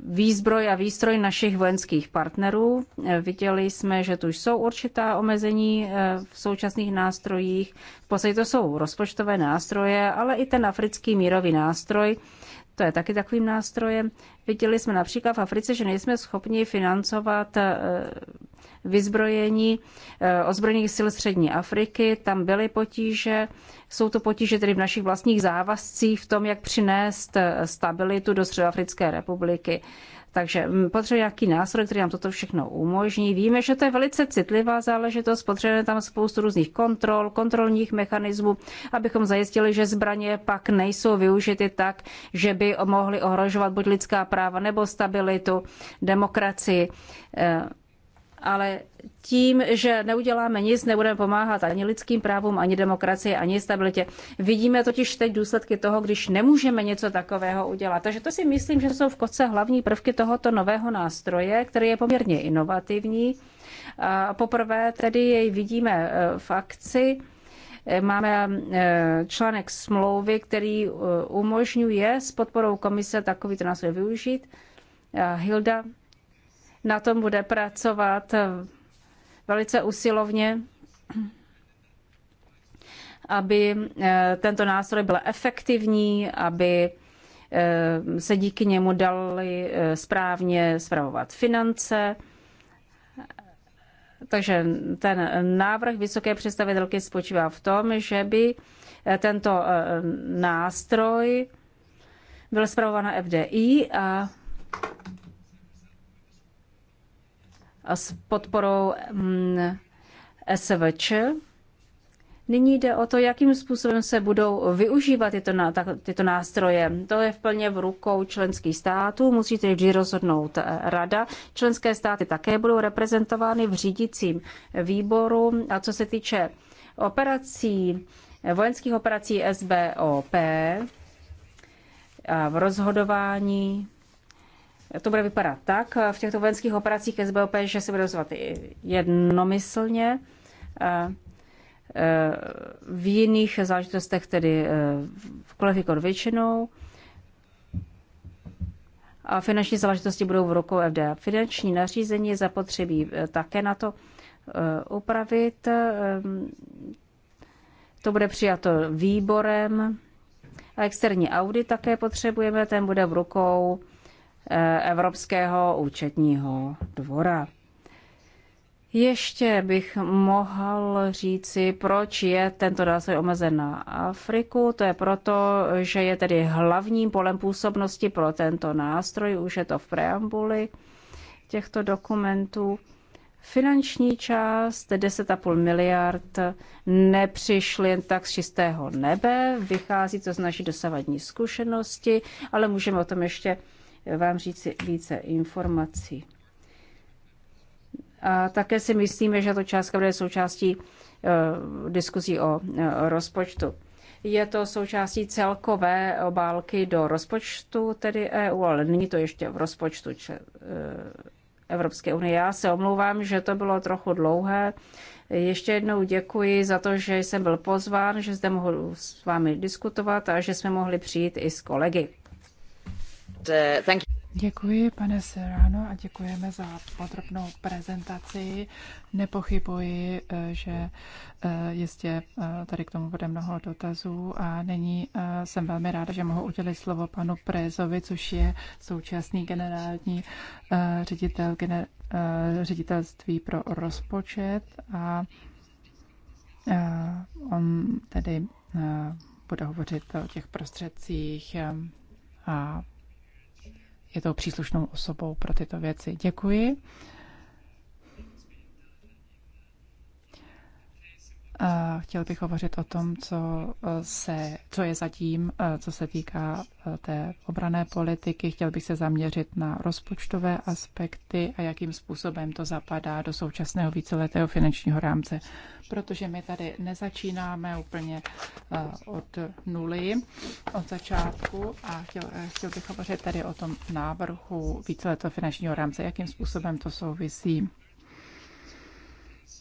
výzbroj a výstroj našich vojenských partnerů. Eh, viděli jsme, že tu jsou určitá omezení eh, v současných nástrojích. V podstatě to jsou rozpočtové nástroje, ale i ten africký mírový nástroj to je taky takovým nástrojem. Viděli jsme například v Africe, že nejsme schopni financovat eh, vyzbrojení eh, ozbrojených sil střední Afriky. Tam byly potíže. Jsou to potíže tedy v našich vlastních závazcích v tom, jak přinést eh, stabilitu do Středoafrické republiky. Takže mm, potřebujeme nějaký nástroj, který nám toto všechno umožní. Víme, že to je velice citlivá záležitost, potřebujeme tam spoustu různých kontrol, kontrolních mechanismů, abychom zajistili, že zbraně pak nejsou využity tak, že by mohly ohrožovat buď lidská práva nebo stabilitu, demokracii. Eh, ale tím, že neuděláme nic, nebudeme pomáhat ani lidským právům, ani demokracii, ani stabilitě. Vidíme totiž teď důsledky toho, když nemůžeme něco takového udělat. Takže to si myslím, že jsou v kotce hlavní prvky tohoto nového nástroje, který je poměrně inovativní. A poprvé tedy jej vidíme e, v akci. E, máme e, článek smlouvy, který umožňuje s podporou komise takovýto nástroj využít. Hilda na tom bude pracovat eh, velice usilovně, aby eh, tento nástroj byl efektivní, aby eh, se díky němu dali správně spravovat finance. Takže ten návrh vysoké představitelky spočívá v tom, že by tento nástroj byl zpravován na FDI a a s podporou mm, SVČ. Nyní jde o to, jakým způsobem se budou využívat tyto, tyto nástroje. To je v plně v rukou členských států, musí tedy vždy rozhodnout eh, rada. Členské státy také budou reprezentovány v řídicím výboru. A co se týče operací, eh, vojenských operací SBOP, a v rozhodování to bude vypadat tak v těchto vojenských operacích SBOP, že se bude rozhodovat jednomyslně. E, v jiných záležitostech tedy e, v kvalifikovat většinou. A finanční záležitosti budou v rukou FDA. Finanční nařízení je zapotřebí e, také na to upravit. To bude přijato výborem. A externí audit také potřebujeme, ten bude v rukou Eh, Evropského účetního dvora. Ještě bych mohl říci, proč je tento nástroj omezen na Afriku. To je proto, že je tedy hlavním polem působnosti pro tento nástroj, už je to v preambuli těchto dokumentů. Finanční část 10,5 miliard nepřišly jen tak z čistého nebe, vychází to z naší dosavadní zkušenosti, ale můžeme o tom ještě vám říct více informací. A také si myslíme, že to částka bude součástí eh, diskuzí o eh, rozpočtu. Je to součástí celkové obálky do rozpočtu, tedy EU, ale není to ještě v rozpočtu eh, Evropské unie. Já se omlouvám, že to bylo trochu dlouhé. Ještě jednou děkuji za to, že jsem byl pozván, že zde mohu s vámi diskutovat a že jsme mohli přijít i s kolegy. Uh, Děkuji, pane Serrano, a děkujeme za podrobnou prezentaci. Nepochybuji, eh, že eh, jistě eh, tady k tomu bude mnoho dotazů a nyní jsem velmi ráda, že mohu udělit slovo panu Prezovi, což je současný generální ředitel gener, ředitelství pro rozpočet a on tedy bude hovořit o těch prostředcích a je tou příslušnou osobou pro tyto věci. Děkuji. Chtěl bych hovořit o tom, co, e, se, co je zatím, e, co se týká e, té obrané politiky. Chtěl bych se zaměřit na rozpočtové aspekty a jakým způsobem to zapadá do současného víceletého finančního rámce. Protože my tady nezačínáme úplně od nuly, od začátku a chtěl, chtěl bych hovořit tady o tom návrhu víceletého finančního rámce, jakým způsobem to souvisí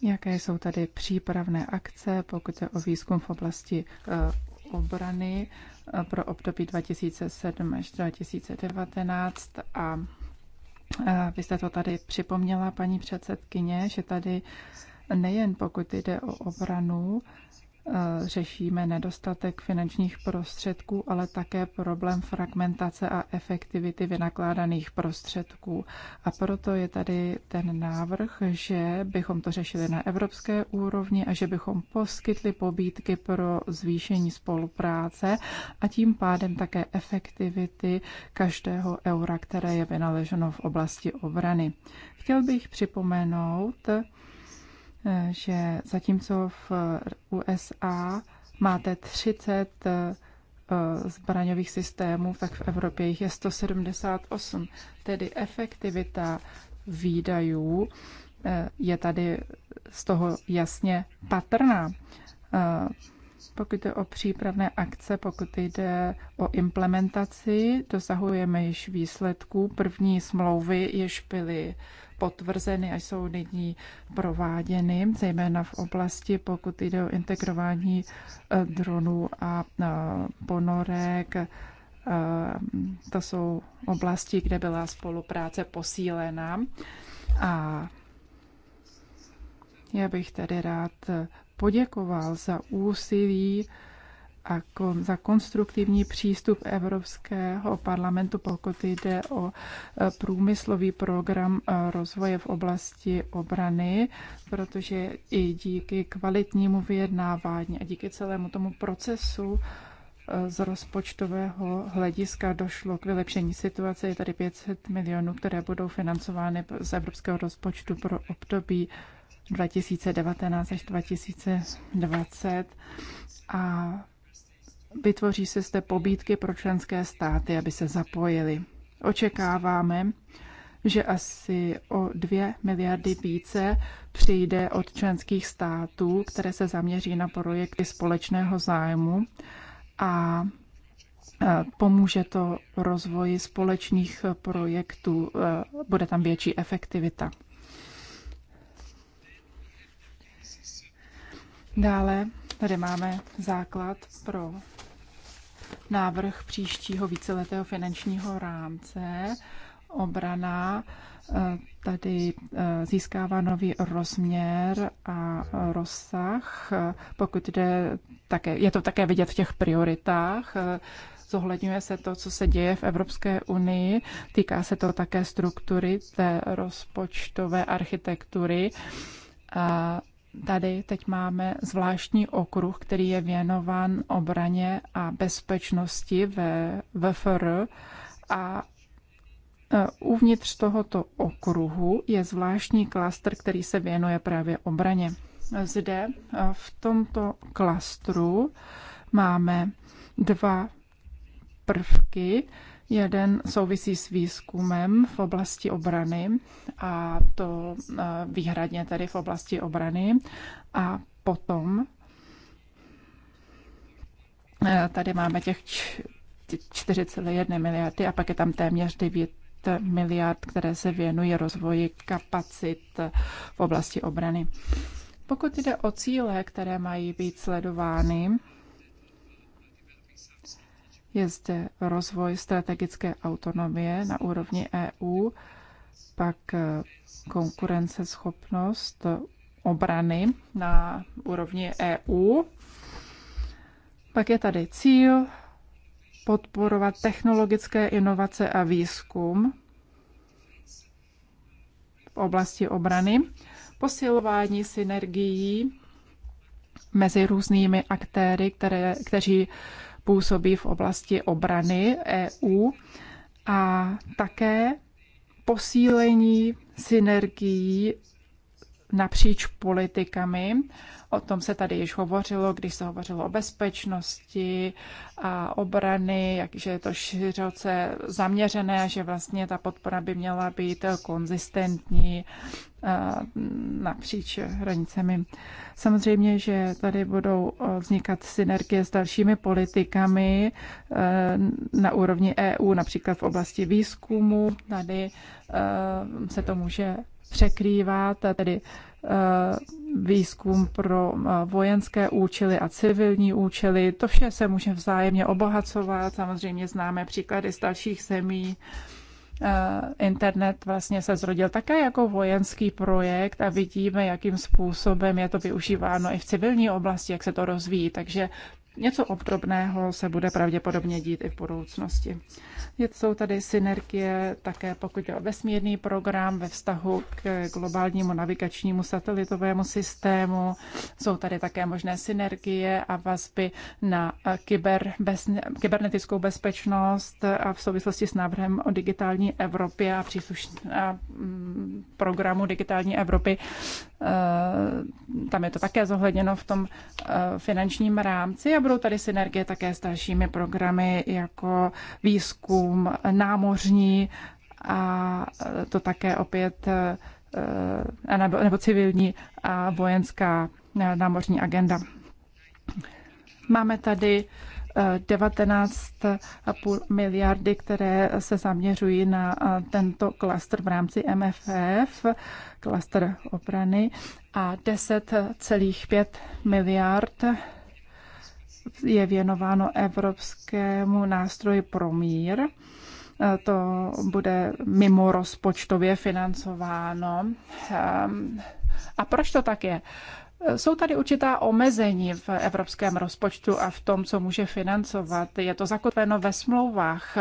Jaké jsou tady přípravné akce, pokud je o výzkum v oblasti eh, obrany eh, pro období 2007 až 2019 a eh, vy jste to tady připomněla, paní předsedkyně, že tady nejen pokud jde o obranu, Eh, řešíme nedostatek finančních prostředků, ale také problém fragmentace a efektivity vynakládaných prostředků. A proto je tady ten návrh, že bychom to řešili na evropské úrovni a že bychom poskytli pobídky pro zvýšení spolupráce a tím pádem také efektivity každého eura, které je vynaleženo v oblasti obrany. Chtěl bych připomenout, že zatímco v USA máte 30 eh, zbraňových systémů, tak v Evropě jich je 178. Tedy efektivita výdajů eh, je tady z toho jasně patrná. Eh, pokud jde o přípravné akce, pokud jde o implementaci, dosahujeme již výsledků. První smlouvy již byly potvrzeny a jsou nyní prováděny, zejména v oblasti, pokud jde o integrování eh, dronů a eh, ponorek. Eh, to jsou oblasti, kde byla spolupráce posílena. A já bych tady rád poděkoval za úsilí a za konstruktivní přístup Evropského parlamentu, pokud jde o e, průmyslový program e, rozvoje v oblasti obrany, protože i díky kvalitnímu vyjednávání a díky celému tomu procesu e, z rozpočtového hlediska došlo k vylepšení situace. Je tady 500 milionů, které budou financovány z evropského rozpočtu pro období 2019 až 2020. A vytvoří se zde pobídky pro členské státy, aby se zapojili. Očekáváme, že asi o 2 miliardy více přijde od členských států, které se zaměří na projekty společného zájmu a pomůže to rozvoji společných projektů, e, bude tam větší efektivita. Dále tady máme základ pro návrh příštího víceletého finančního rámce. Obrana eh, tady eh, získává nový rozměr a rozsah. Eh, pokud jde, také, je to také vidět v těch prioritách. Zohledňuje se to, co se děje v Evropské unii, týká se to také struktury té rozpočtové architektury tady teď máme zvláštní okruh, který je věnován obraně a bezpečnosti ve VFR a e, uvnitř tohoto okruhu je zvláštní klaster, který se věnuje právě obraně. Zde e, v tomto klastru máme dva prvky, Jeden souvisí s výzkumem v oblasti obrany, a to eh, výhradně tedy v oblasti obrany. A potom eh, tady máme těch 4,1 miliardy a pak je tam téměř 9 miliard, které se věnují rozvoji kapacit v oblasti obrany. Pokud jde o cíle, které mají být sledovány, je zde rozvoj strategické autonomie na úrovni EU, pak eh, konkurenceschopnost obrany na úrovni EU. Pak je tady cíl podporovat technologické inovace a výzkum v oblasti obrany, posilování synergií mezi různými aktéry, které, kteří působí v oblasti obrany EU a také posílení synergií napříč politikami. O tom se tady již hovořilo, když se hovořilo o bezpečnosti a obrany, že je to široce zaměřené, že vlastně ta podpora by měla být konzistentní eh, napříč hranicemi. Samozřejmě, že tady budou eh, vznikat synergie s dalšími politikami eh, na úrovni EU, například v oblasti výzkumu. Tady se to může překrývá tedy eh, výzkum pro eh, vojenské účely a civilní účely. To vše se může vzájemně obohacovat. Samozřejmě známe příklady z dalších zemí. Eh, internet vlastně se zrodil také jako vojenský projekt a vidíme, jakým způsobem je to využíváno i v civilní oblasti, jak se to rozvíjí. Takže Něco obdobného se bude pravděpodobně dít i v budoucnosti. Jsou tady synergie také pokud je o vesmírný program ve vztahu k globálnímu navigačnímu satelitovému systému. Jsou tady také možné synergie a vazby na kyber, bez, kybernetickou bezpečnost a v souvislosti s návrhem o digitální Evropě a příslušném mm, programu digitální Evropy Eh, tam je to také zohledněno v tom eh, finančním rámci a budou tady synergie také s dalšími programy jako výzkum námořní a eh, to také opět nebo, nebo civilní a vojenská námořní agenda. Máme tady 19,5 miliardy, které se zaměřují na tento klaster v rámci MFF, klaster obrany, a 10,5 miliard je věnováno Evropskému nástroji pro mír. To bude mimo rozpočtově financováno. A proč to tak je? Jsou tady určitá omezení v evropském rozpočtu a v tom, co může financovat. Je to zakotveno ve smlouvách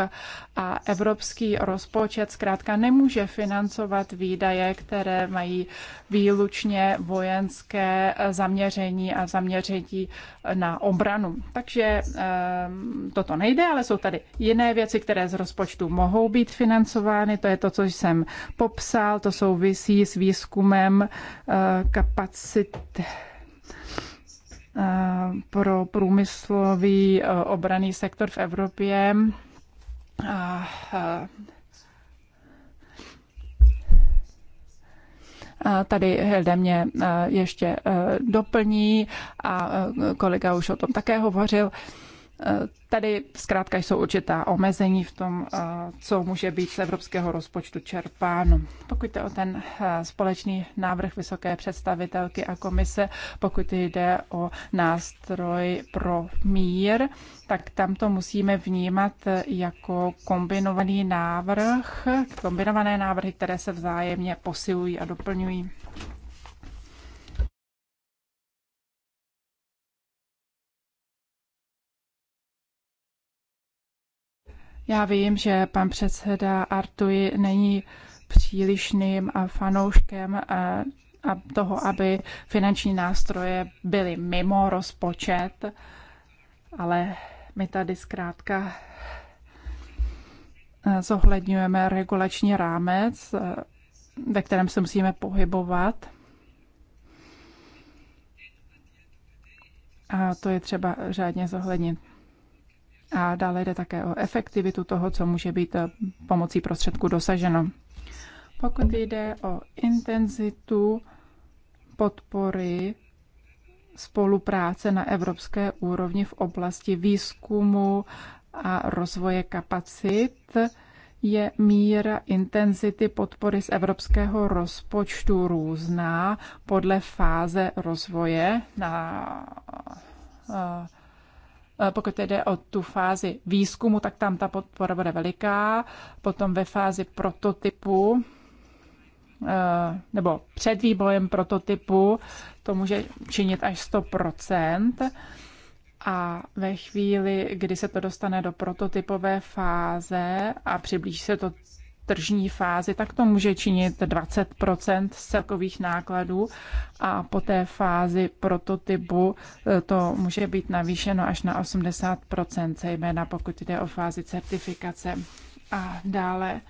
a evropský rozpočet zkrátka nemůže financovat výdaje, které mají výlučně vojenské zaměření a zaměření na obranu. Takže ehm, toto nejde, ale jsou tady jiné věci, které z rozpočtu mohou být financovány. To je to, co jsem popsal, to souvisí s výzkumem eh, kapacit pro průmyslový eh, obraný sektor v Evropě. A, eh, tady Hilde mě eh, ještě doplní a kolega už o tom také hovořil. Eh, tady zkrátka jsou určitá omezení v tom, eh, co může být z evropského rozpočtu čerpáno. Pokud jde o ten eh, společný návrh vysoké představitelky a komise, pokud jde o nástroj pro mír, tak tam to musíme vnímat jako kombinovaný návrh, kombinované návrhy, které se vzájemně posilují a doplňují. Já vím, že pan předseda Artuji není přílišným eh, fanouškem eh, a toho, aby finanční nástroje byly mimo rozpočet, ale my tady zkrátka eh, zohledňujeme regulační rámec, ve kterém se musíme pohybovat. A to je třeba řádně zohlednit. A dále jde také o efektivitu toho, co může být eh, pomocí prostředku dosaženo. Pokud jde o intenzitu podpory spolupráce na evropské úrovni v oblasti výzkumu a rozvoje kapacit, je míra intenzity podpory z evropského rozpočtu různá podle fáze rozvoje na eh, Eh, pokud jde o tu fázi výzkumu, tak tam ta podpora bude veliká. Potom ve fázi prototypu eh, nebo před výbojem prototypu to může činit až 100%. A ve chvíli, kdy se to dostane do prototypové fáze a přiblíží se to tržní fázi, tak to může činit 20 z celkových nákladů a po té fázi prototypu e, to může být navýšeno až na 80 zejména pokud jde o fázi certifikace. A dále,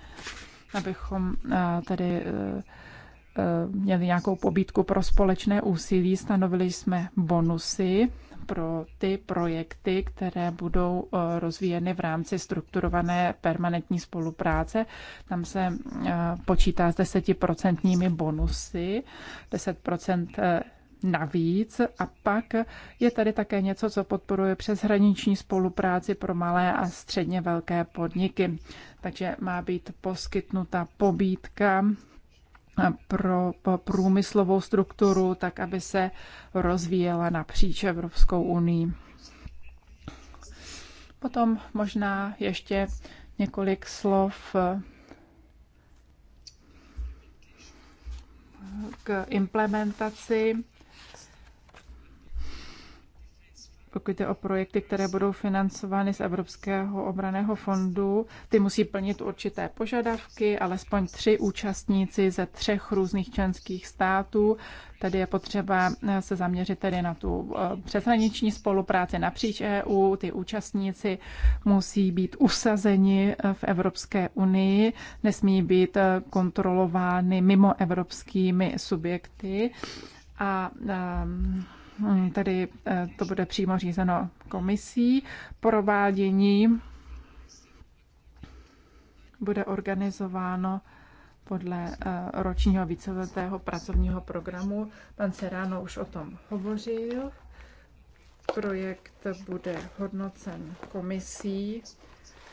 abychom e, tedy e, Eh, měli nějakou pobídku pro společné úsilí. Stanovili jsme bonusy pro ty projekty, které budou eh, rozvíjeny v rámci strukturované permanentní spolupráce. Tam se eh, počítá s desetiprocentními bonusy, 10% navíc. A pak je tady také něco, co podporuje přeshraniční spolupráci pro malé a středně velké podniky. Takže má být poskytnuta pobídka pro průmyslovou strukturu, tak aby se rozvíjela napříč Evropskou unii. Potom možná ještě několik slov k implementaci pokud jde o projekty, které budou financovány z Evropského obraného fondu, ty musí plnit určité požadavky, alespoň tři účastníci ze třech různých členských států. Tady je potřeba eh, se zaměřit tedy na tu eh, přeshraniční spolupráci napříč EU. Ty účastníci musí být usazeni eh, v Evropské unii, nesmí být kontrolovány mimo evropskými subjekty. A um, Hm, Tedy eh, to bude přímo řízeno komisí. Provádění bude organizováno podle eh, ročního víceletého pracovního programu. Pan Seráno už o tom hovořil. Projekt bude hodnocen komisí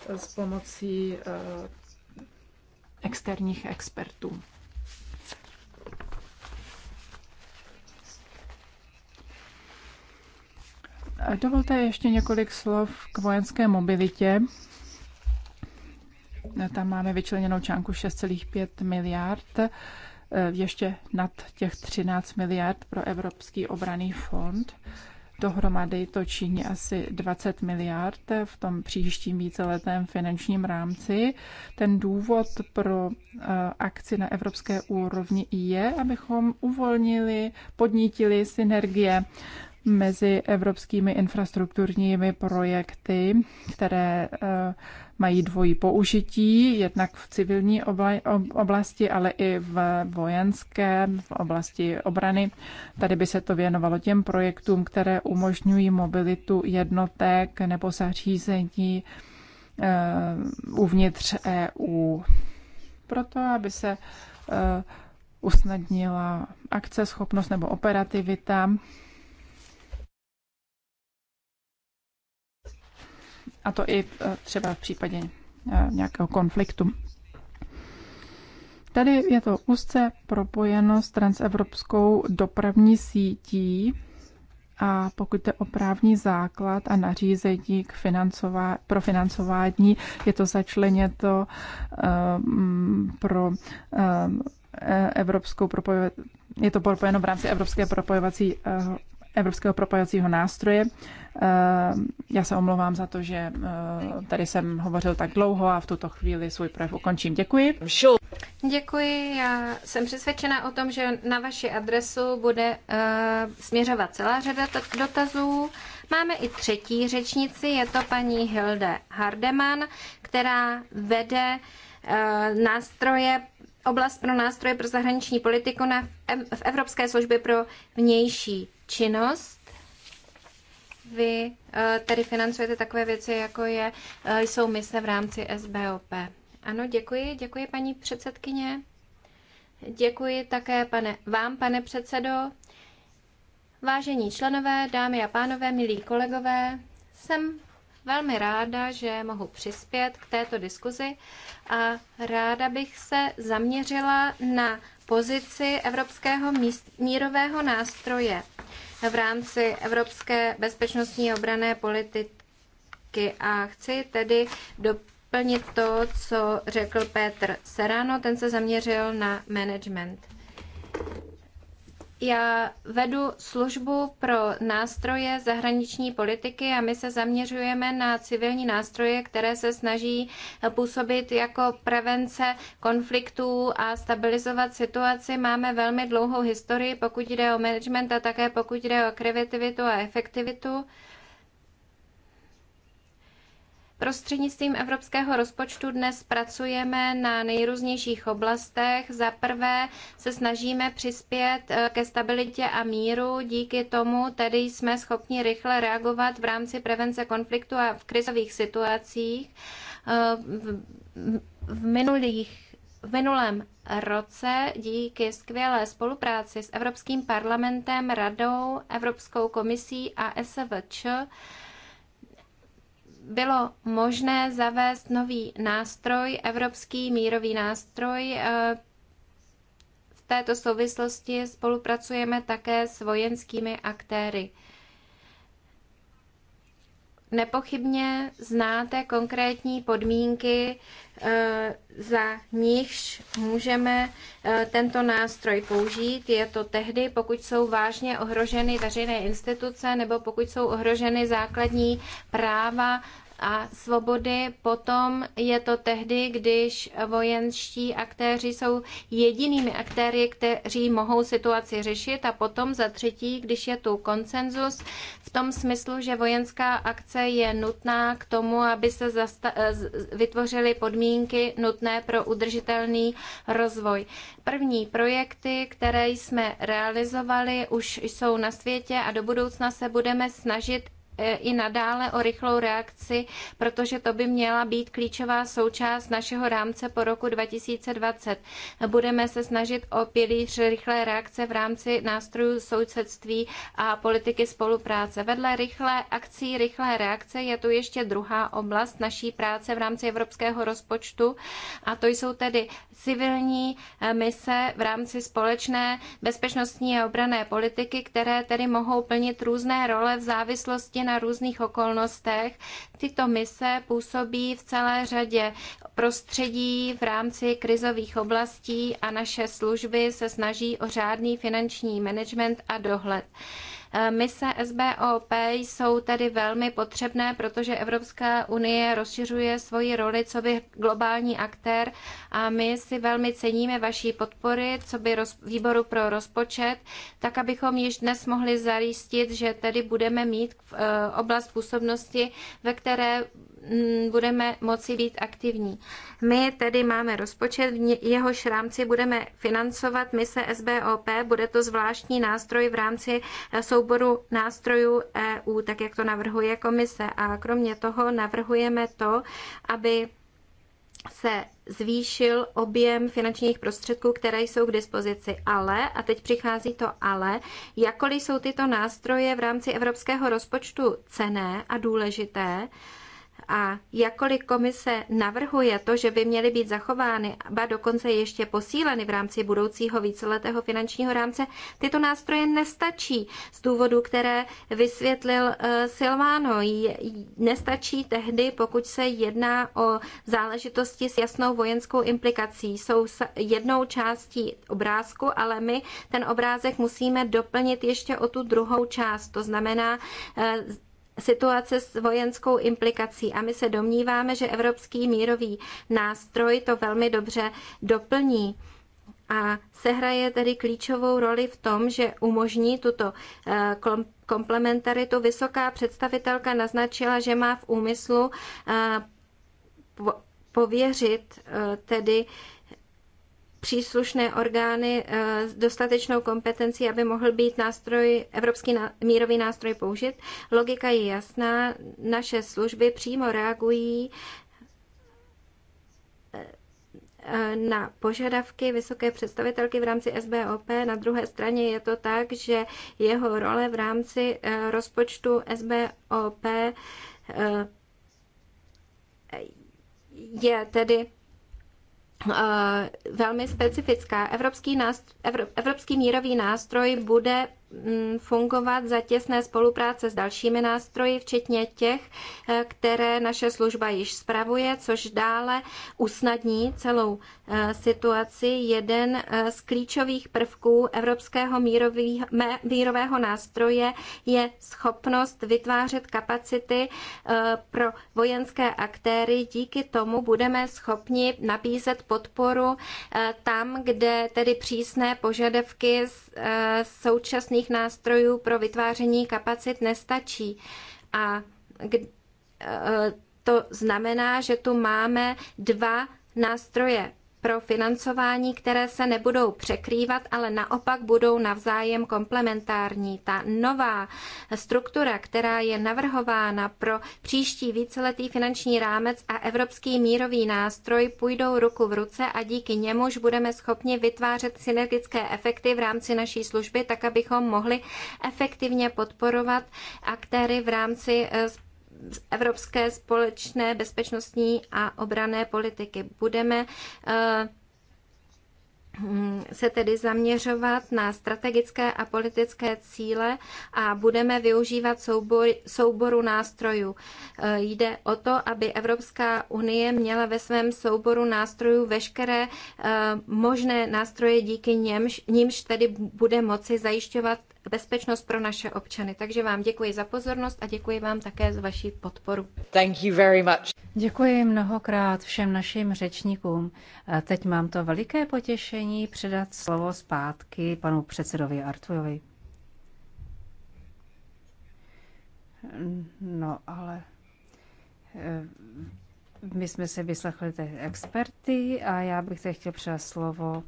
eh, s pomocí externích expertů. Dovolte ještě několik slov k vojenské mobilitě. Tam máme vyčleněnou čánku 6,5 miliard, eh, ještě nad těch 13 miliard pro Evropský obraný fond. Dohromady to činí asi 20 miliard v tom příštím víceletém finančním rámci. Ten důvod pro eh, akci na evropské úrovni je, abychom uvolnili, podnítili synergie mezi evropskými infrastrukturními projekty, které eh, mají dvojí použití, jednak v civilní oblasti, ale i v vojenské, v oblasti obrany. Tady by se to věnovalo těm projektům, které umožňují mobilitu jednotek nebo zařízení eh, uvnitř EU. Proto, aby se eh, usnadnila akceschopnost nebo operativita a to i e, třeba v případě e, nějakého konfliktu. Tady je to úzce propojeno s transevropskou dopravní sítí a pokud je o právní základ a nařízení k financová- pro financování, je to začleně to um, e, pro um, evropskou propojovat, je to propojeno v rámci evropské propojovací Evropského propojacího nástroje. Eh, já se omlouvám za to, že eh, tady jsem hovořil tak dlouho a v tuto chvíli svůj projev ukončím. Děkuji. Děkuji. Já jsem přesvědčena o tom, že na vaši adresu bude eh, směřovat celá řada dotazů. Máme i třetí řečnici, je to paní Hilde Hardeman, která vede nástroje oblast pro nástroje pro zahraniční politiku na, v Evropské službě pro vnější činnost. Vy eh, tedy financujete takové věci, jako je, eh, jsou mise v rámci SBOP. Ano, děkuji, děkuji paní předsedkyně. Děkuji také pane, vám, pane předsedo. Vážení členové, dámy a pánové, milí kolegové, jsem velmi ráda, že mohu přispět k této diskuzi a ráda bych se zaměřila na pozici Evropského míst, mírového nástroje v rámci evropské bezpečnostní obrané politiky. A chci tedy doplnit to, co řekl Petr Serano, ten se zaměřil na management. Já vedu službu pro nástroje zahraniční politiky a my se zaměřujeme na civilní nástroje, které se snaží působit jako prevence konfliktů a stabilizovat situaci. Máme velmi dlouhou historii, pokud jde o management a také pokud jde o kreativitu a efektivitu. Prostřednictvím evropského rozpočtu dnes pracujeme na nejrůznějších oblastech. Za prvé se snažíme přispět eh, ke stabilitě a míru. Díky tomu tedy jsme schopni rychle reagovat v rámci prevence konfliktu a v krizových situacích. Eh, v minulých v minulém roce díky skvělé spolupráci s Evropským parlamentem, Radou, Evropskou komisí a SVČ bylo možné zavést nový nástroj, evropský mírový nástroj. Eh, v této souvislosti spolupracujeme také s vojenskými aktéry. Nepochybně znáte konkrétní podmínky, eh, za nichž můžeme eh, tento nástroj použít. Je to tehdy, pokud jsou vážně ohroženy veřejné instituce nebo pokud jsou ohroženy základní práva a svobody, potom je to tehdy, když vojenští aktéři jsou jedinými aktéry, kteří mohou situaci řešit a potom za třetí, když je tu konsenzus v tom smyslu, že vojenská akce je nutná k tomu, aby se vytvořily podmínky nutné pro udržitelný rozvoj. První projekty, které jsme realizovali, už jsou na světě a do budoucna se budeme snažit E, i nadále o rychlou reakci, protože to by měla být klíčová součást našeho rámce po roku 2020. Budeme se snažit o pilíř rychlé reakce v rámci nástrojů sousedství a politiky spolupráce. Vedle rychlé akcí, rychlé reakce je tu ještě druhá oblast naší práce v rámci evropského rozpočtu a to jsou tedy civilní e, mise v rámci společné bezpečnostní a obrané politiky, které tedy mohou plnit různé role v závislosti na různých okolnostech. Tyto mise působí v celé řadě prostředí v rámci krizových oblastí a naše služby se snaží o řádný finanční management a dohled. Eh, Mise SBOP jsou tedy velmi potřebné, protože Evropská unie rozšiřuje svoji roli co by globální aktér a my si velmi ceníme vaší podpory co by roz, výboru pro rozpočet, tak abychom již dnes mohli zajistit, že tedy budeme mít eh, oblast působnosti, ve které Mm, budeme moci být aktivní. My tedy máme rozpočet, v jeho rámci budeme financovat mise SBOP, bude to zvláštní nástroj v rámci eh, souboru nástrojů EU, tak jak to navrhuje komise. A kromě toho navrhujeme to, aby se zvýšil objem finančních prostředků, které jsou k dispozici. Ale, a teď přichází to ale, jakkoliv jsou tyto nástroje v rámci evropského rozpočtu cené a důležité, a jakkoliv komise navrhuje to, že by měly být zachovány, ba dokonce ještě posíleny v rámci budoucího víceletého finančního rámce, tyto nástroje nestačí z důvodu, které vysvětlil eh, Silvano. Nestačí tehdy, pokud se jedná o záležitosti s jasnou vojenskou implikací. Jsou jednou částí obrázku, ale my ten obrázek musíme doplnit ještě o tu druhou část. To znamená eh, situace s vojenskou implikací a my se domníváme, že evropský mírový nástroj to velmi dobře doplní a sehraje tedy klíčovou roli v tom, že umožní tuto eh, komplementaritu. Vysoká představitelka naznačila, že má v úmyslu eh, pověřit eh, tedy příslušné orgány eh, s dostatečnou kompetencí, aby mohl být nástroj, evropský mírový nástroj použit. Logika je jasná, naše služby přímo reagují eh, eh, na požadavky vysoké představitelky v rámci SBOP. Na druhé straně je to tak, že jeho role v rámci rozpočtu SBOP je tedy Eh, velmi specifická. Evropský, nástroj, evropský mírový nástroj bude Mm, fungovat za těsné spolupráce s dalšími nástroji, včetně těch, eh, které naše služba již spravuje, což dále usnadní celou eh, situaci. Jeden eh, z klíčových prvků Evropského mírového nástroje je schopnost vytvářet kapacity pro vojenské aktéry. Díky tomu budeme schopni nabízet podporu tam, kde tedy přísné požadavky současných finančních nástrojů pro vytváření kapacit nestačí. A e, to znamená, že tu máme dva nástroje pro financování, které se nebudou překrývat, ale naopak budou navzájem komplementární. Ta nová struktura, která je navrhována pro příští víceletý finanční rámec a Evropský mírový nástroj, půjdou ruku v ruce a díky němuž budeme schopni vytvářet synergické efekty v rámci naší služby, tak abychom mohli efektivně podporovat aktéry v rámci eh, evropské společné bezpečnostní a obrané politiky. Budeme eh, se tedy zaměřovat na strategické a politické cíle a budeme využívat soubor, souboru nástrojů. Eh, jde o to, aby Evropská unie měla ve svém souboru nástrojů veškeré eh, možné nástroje, díky němž, nímž tedy bude moci zajišťovat bezpečnost pro naše občany. Takže vám děkuji za pozornost a děkuji vám také za vaši podporu. Thank you very much. Děkuji mnohokrát všem našim řečníkům. A teď mám to veliké potěšení předat slovo zpátky panu předsedovi Artujovi. No ale eh, my jsme se vyslechli ty experty a já bych teď chtěl předat slovo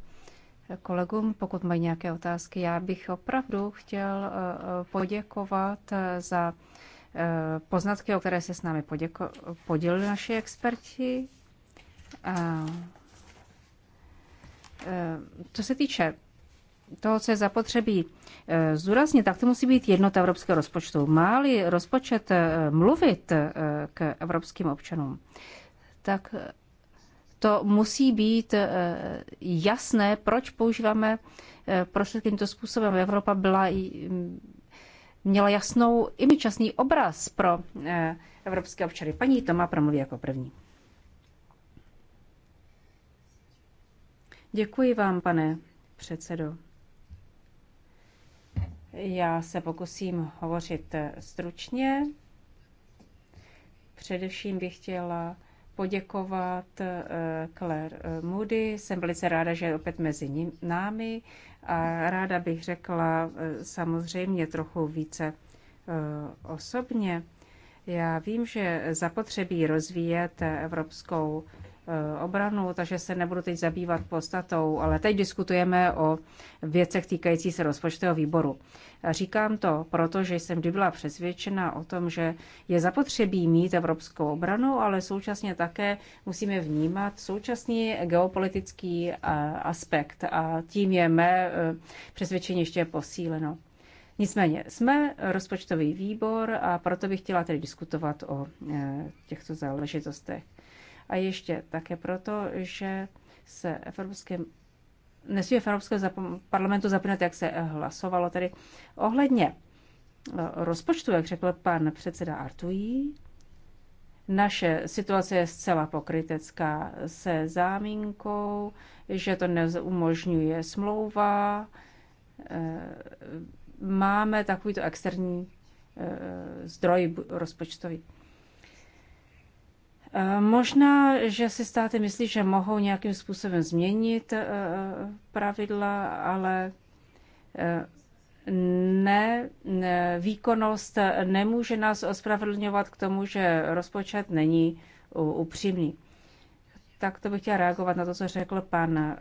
kolegům, pokud mají nějaké otázky. Já bych opravdu chtěl eh, eh, poděkovat eh, za poznatky, o které se s námi poděko- podělili naši experti. co se týče toho, co je zapotřebí zúrazně, tak to musí být jednota evropského rozpočtu. Máli rozpočet mluvit k evropským občanům, tak to musí být eh, jasné, proč používáme eh, prostředky tímto způsobem. Evropa byla, mm, měla jasnou časný obraz pro eh, evropské občany. Paní Toma promluví jako první. Děkuji vám, pane předsedo. Já se pokusím hovořit stručně. Především bych chtěla poděkovat eh, Claire eh, Moody. Jsem velice ráda, že je opět mezi námi a ráda bych řekla eh, samozřejmě trochu více osobně. Já vím, že zapotřebí rozvíjet evropskou Eh, obranu, takže se nebudu teď zabývat podstatou, ale teď diskutujeme o věcech týkající se rozpočtového výboru. Říkám to, protože jsem vždy byla přesvědčena o tom, že je zapotřebí mít evropskou obranu, ale současně také musíme vnímat současný geopolitický eh, aspekt a tím je mé eh, přesvědčení ještě posíleno. Nicméně jsme rozpočtový výbor a proto bych chtěla tedy diskutovat o těchto záležitostech. A ještě také proto, že se evropském nesmí v Evropském parlamentu zapomínat, jak se hlasovalo tedy ohledně eh, rozpočtu, jak řekl pan předseda Artují, naše situace je zcela pokrytecká se zámínkou, že to neumožňuje smlouva. Eh, máme takovýto externí eh, zdroj rozpočtový. Eh, možná, že si státy myslí, že mohou nějakým způsobem změnit eh, pravidla, ale eh, ne, výkonnost nemůže nás ospravedlňovat k tomu, že rozpočet není upřímný. Tak to bych chtěla reagovat na to, co řekl pan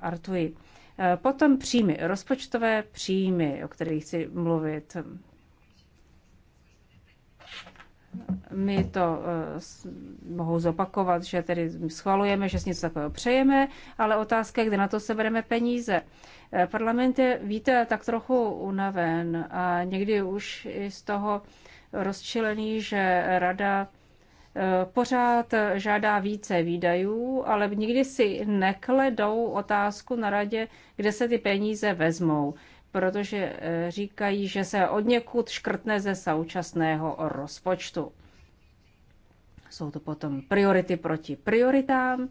Artui. Potom příjmy, rozpočtové příjmy, o kterých chci mluvit, my to uh, mohou zopakovat, že tedy schvalujeme, že si něco takového přejeme, ale otázka je, kde na to sebereme peníze. Eh, parlament je, víte, tak trochu unaven a někdy už i z toho rozčilený, že rada eh, pořád žádá více výdajů, ale nikdy si nekledou otázku na radě, kde se ty peníze vezmou protože eh, říkají, že se od někud škrtne ze současného rozpočtu. Jsou to potom priority proti prioritám.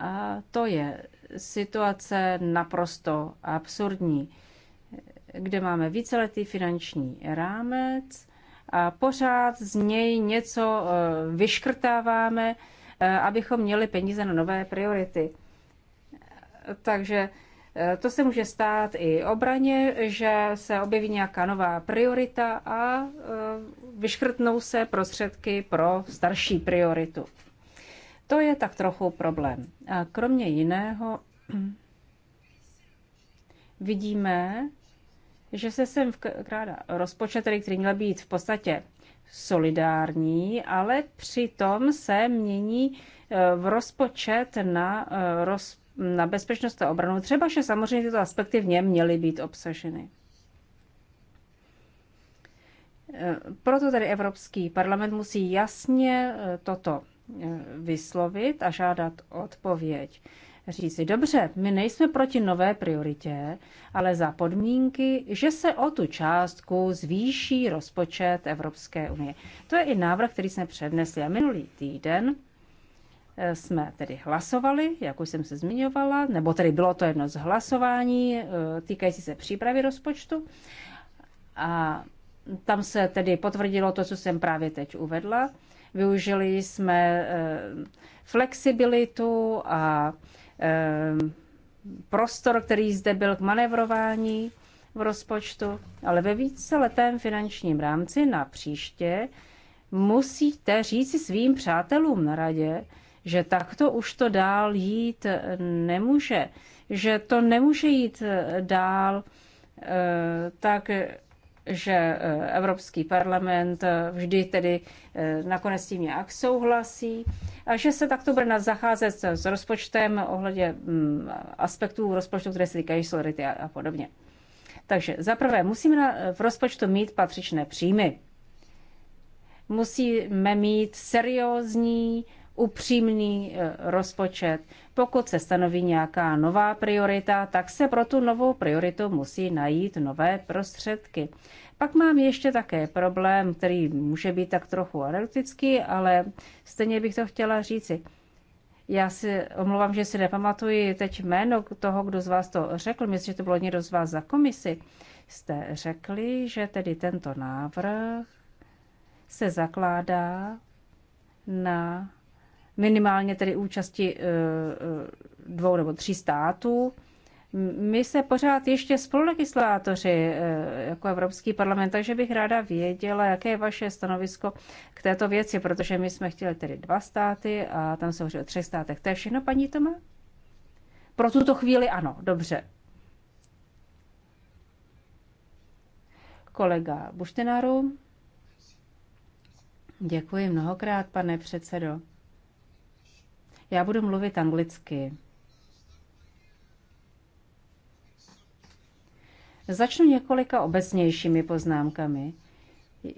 A to je situace naprosto absurdní, kde máme víceletý finanční rámec a pořád z něj něco eh, vyškrtáváme, eh, abychom měli peníze na nové priority. Takže Eh, to se může stát i obraně, že se objeví nějaká nová priorita a eh, vyškrtnou se prostředky pro starší prioritu. To je tak trochu problém. A kromě jiného *clears throat* vidíme, že se sem vkrádá rozpočet, který, který měl být v podstatě solidární, ale přitom se mění eh, v rozpočet na rozpočet na bezpečnost a obranu, třeba, že samozřejmě tyto aspekty v něm měly být obsaženy. Eh, proto tedy Evropský parlament musí jasně eh, toto eh, vyslovit a žádat odpověď. Říci, dobře, my nejsme proti nové prioritě, ale za podmínky, že se o tu částku zvýší rozpočet Evropské unie. To je i návrh, který jsme přednesli. A minulý týden Eh, jsme tedy hlasovali, jak už jsem se zmiňovala, nebo tedy bylo to jedno z hlasování eh, týkající se přípravy rozpočtu. A tam se tedy potvrdilo to, co jsem právě teď uvedla. Využili jsme eh, flexibilitu a prostor, který zde byl k manevrování v rozpočtu, ale ve víceletém finančním rámci na příště musíte říci svým přátelům na radě, že takto už to dál jít nemůže, že to nemůže jít dál eh, tak, že eh, Evropský parlament eh, vždy tedy nakonec tím nějak souhlasí a že se takto bude zacházet s rozpočtem ohledně mm, aspektů rozpočtu, které se týkají solidarity a podobně. Takže za prvé musíme v rozpočtu mít patřičné příjmy. Musíme mít seriózní upřímný eh, rozpočet. Pokud se stanoví nějaká nová priorita, tak se pro tu novou prioritu musí najít nové prostředky. Pak mám ještě také problém, který může být tak trochu analytický, ale stejně bych to chtěla říci. Já si omlouvám, že si nepamatuji teď jméno toho, kdo z vás to řekl. Myslím, že to bylo někdo z vás za komisi. Jste řekli, že tedy tento návrh se zakládá na minimálně tedy účasti eh, eh, dvou nebo tří států. My se pořád ještě spolulegislátoři eh, jako Evropský parlament, takže bych ráda věděla, jaké je vaše stanovisko k této věci, protože my jsme chtěli tedy dva státy a tam se hovoří o třech státech. To je všechno, paní Toma? Pro tuto chvíli ano, dobře. Kolega Buštenáru. Děkuji mnohokrát, pane předsedo. Já budu mluvit anglicky. Začnu několika obecnějšími poznámkami.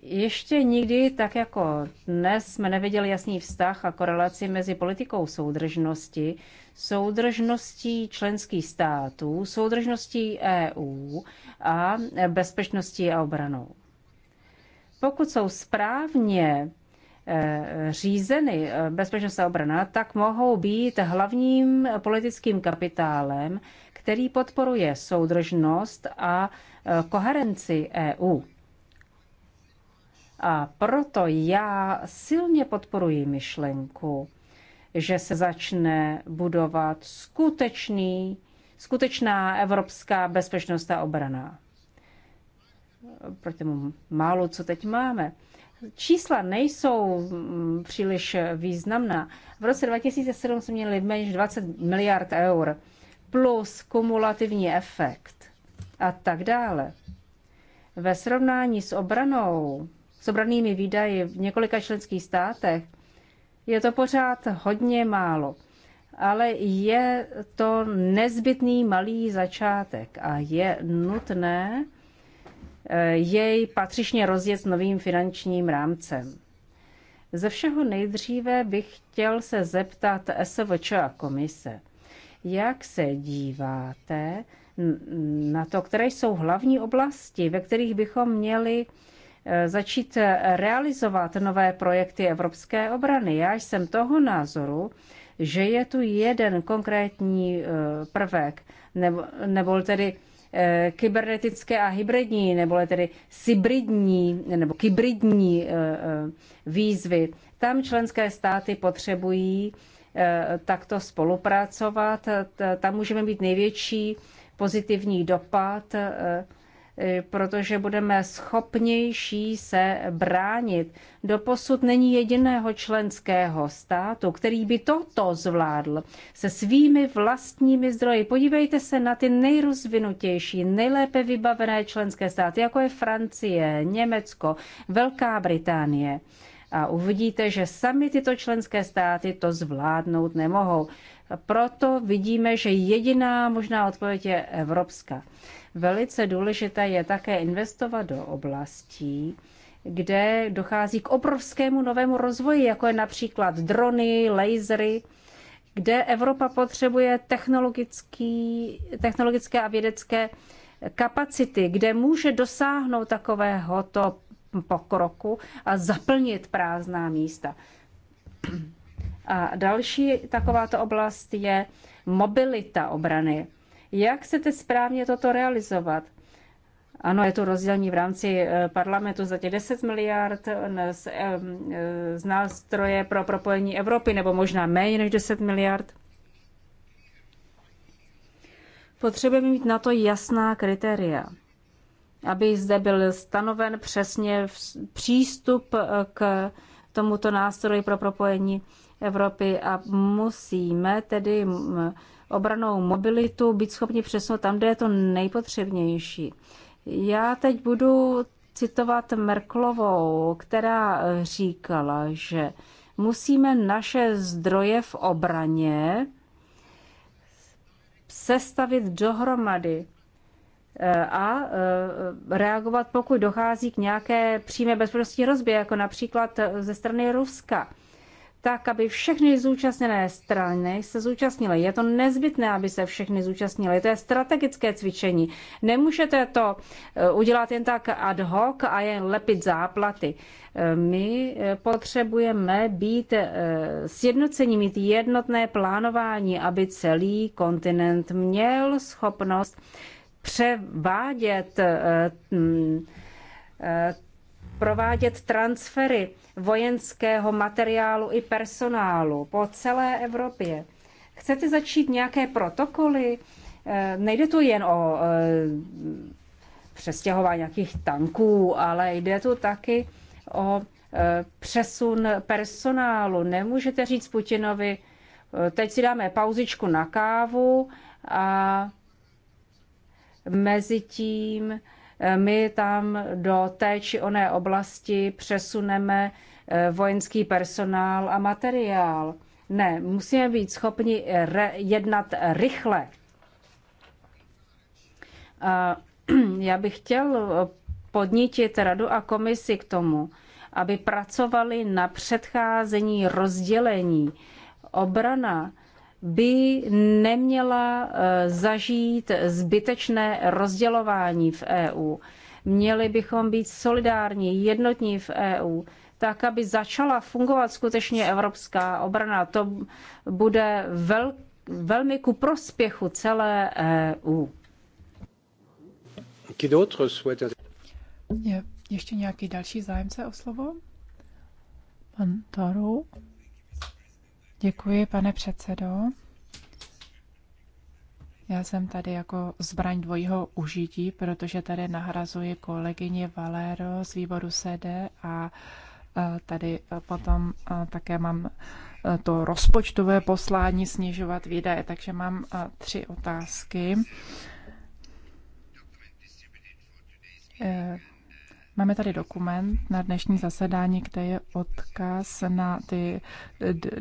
Ještě nikdy, tak jako dnes, jsme neviděli jasný vztah a korelaci mezi politikou soudržnosti, soudržností členských států, soudržností EU a bezpečností a obranou. Pokud jsou správně Eh, řízeny eh, bezpečnost a obrana, tak mohou být hlavním politickým kapitálem, který podporuje soudržnost a eh, koherenci EU. A proto já silně podporuji myšlenku, že se začne budovat skutečný, skutečná evropská bezpečnost a obrana. Proti tomu málo, co teď máme čísla nejsou mm, příliš významná. V roce 2007 jsme měli méně než 20 miliard eur plus kumulativní efekt a tak dále. Ve srovnání s obranou, s obranými výdaji v několika členských státech je to pořád hodně málo, ale je to nezbytný malý začátek a je nutné, jej patřičně rozjet s novým finančním rámcem. Ze všeho nejdříve bych chtěl se zeptat SVČ a komise. Jak se díváte na to, které jsou hlavní oblasti, ve kterých bychom měli e, začít realizovat nové projekty evropské obrany? Já jsem toho názoru, že je tu jeden konkrétní e, prvek, nebo, nebo tedy Eh, kybernetické a hybridní, nebo tedy hybridní nebo kybridní eh, eh, výzvy. Tam členské státy potřebují takto spolupracovat. Tam můžeme mít největší pozitivní dopad E, protože budeme schopnější se bránit. Doposud není jediného členského státu, který by toto zvládl se svými vlastními zdroji. Podívejte se na ty nejrozvinutější, nejlépe vybavené členské státy, jako je Francie, Německo, Velká Británie. A uvidíte, že sami tyto členské státy to zvládnout nemohou. Proto vidíme, že jediná možná odpověď je evropská. Velice důležité je také investovat do oblastí, kde dochází k obrovskému novému rozvoji, jako je například drony, lasery, kde Evropa potřebuje technologický, technologické a vědecké kapacity, kde může dosáhnout takovéhoto pokroku a zaplnit prázdná místa. A další takováto oblast je mobilita obrany. Jak chcete správně toto realizovat? Ano, je to rozdělení v rámci eh, parlamentu za těch 10 miliard z, eh, eh, z nástroje pro propojení Evropy, nebo možná méně než 10 miliard. Potřebujeme mít na to jasná kritéria, aby zde byl stanoven přesně přístup k tomuto nástroji pro propojení Evropy a musíme tedy obranou mobilitu být schopni přesunout tam, kde je to nejpotřebnější. Já teď budu citovat Merklovou, která říkala, že musíme naše zdroje v obraně sestavit dohromady e, a e, reagovat, pokud dochází k nějaké přímé bezpečnostní rozbě, jako například e, ze strany Ruska tak, aby všechny zúčastněné strany se zúčastnily. Je to nezbytné, aby se všechny zúčastnily. To je strategické cvičení. Nemůžete to eh, udělat jen tak ad hoc a jen lepit záplaty. Eh, my eh, potřebujeme být sjednocení, mít jednotné plánování, aby celý kontinent měl schopnost převádět mm, provádět transfery vojenského materiálu i personálu po celé Evropě. Chcete začít nějaké protokoly? Eh, nejde tu jen o eh, přestěhování nějakých tanků, ale jde tu taky o eh, přesun personálu. Nemůžete říct Putinovi, teď si dáme pauzičku na kávu a mezi tím my tam do té či oné oblasti přesuneme eh, vojenský personál a materiál. Ne, musíme být schopni jednat rychle. A *clears throat* já bych chtěl eh, podnítit radu a komisi k tomu, aby pracovali na předcházení rozdělení. Obrana by neměla eh, zažít zbytečné rozdělování v EU. Měli bychom být solidární, jednotní v EU, tak, aby začala fungovat skutečně evropská obrana. To bude vel, velmi ku prospěchu celé EU. Je ještě nějaký další zájemce o slovo? Pan Taru. Děkuji, pane předsedo. Já jsem tady jako zbraň dvojího užití, protože tady nahrazuji kolegyně Valero z výboru SEDE a e, tady e, potom e, také mám to rozpočtové poslání snižovat výdaje, takže mám tři otázky Máme tady dokument na dnešní zasedání, kde je odkaz na, ty,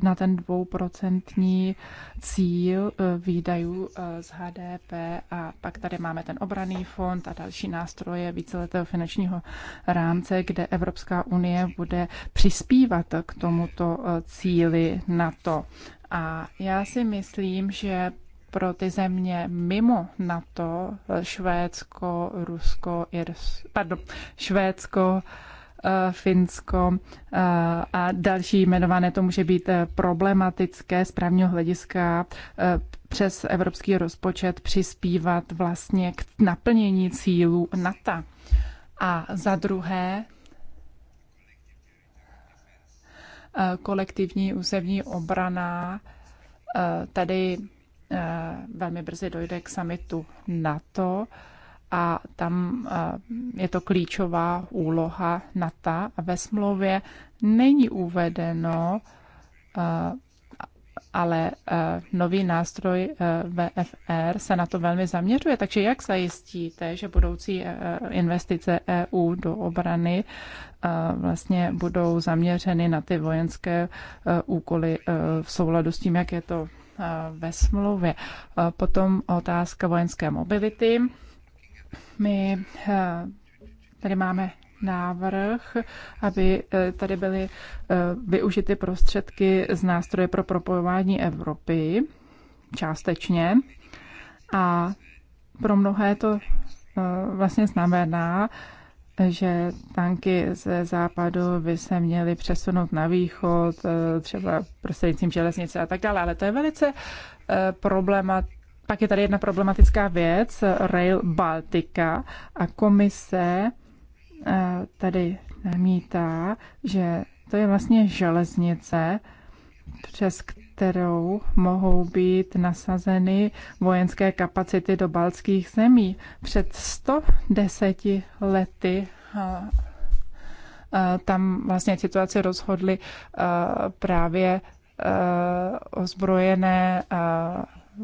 na ten dvouprocentní cíl e, výdajů e, z HDP a pak tady máme ten obraný fond a další nástroje víceletého finančního rámce, kde Evropská unie bude přispívat k tomuto e, cíli na to. A já si myslím, že pro ty země mimo NATO, Švédsko, Rusko, Irs, pardon, Švédsko, eh, Finsko eh, a další jmenované, to může být eh, problematické z právního hlediska přes evropský rozpočet přispívat vlastně k naplnění cílů NATO. A za druhé, kolektivní územní obrana. Tady Eh, velmi brzy dojde k samitu NATO a tam eh, je to klíčová úloha NATO a ve smlouvě není uvedeno, eh, ale nový nástroj VFR se na to velmi zaměřuje. Takže jak zajistíte, že budoucí investice EU do obrany vlastně budou zaměřeny na ty vojenské úkoly v souladu s tím, jak je to Eh, ve smlouvě. Eh, potom otázka vojenské mobility. My eh, tady máme návrh, aby tady byly využity prostředky z nástroje pro propojování Evropy částečně. A pro mnohé to vlastně znamená, že tanky ze západu by se měly přesunout na východ, eh, třeba prostřednictvím železnice a tak dále, ale to je velice eh, problematické. pak je tady jedna problematická věc, Rail Baltica a komise eh, tady namítá, že to je vlastně železnice, přes kterou mohou být nasazeny vojenské kapacity do baltských zemí. Před 110 lety tam vlastně situaci rozhodly právě ozbrojené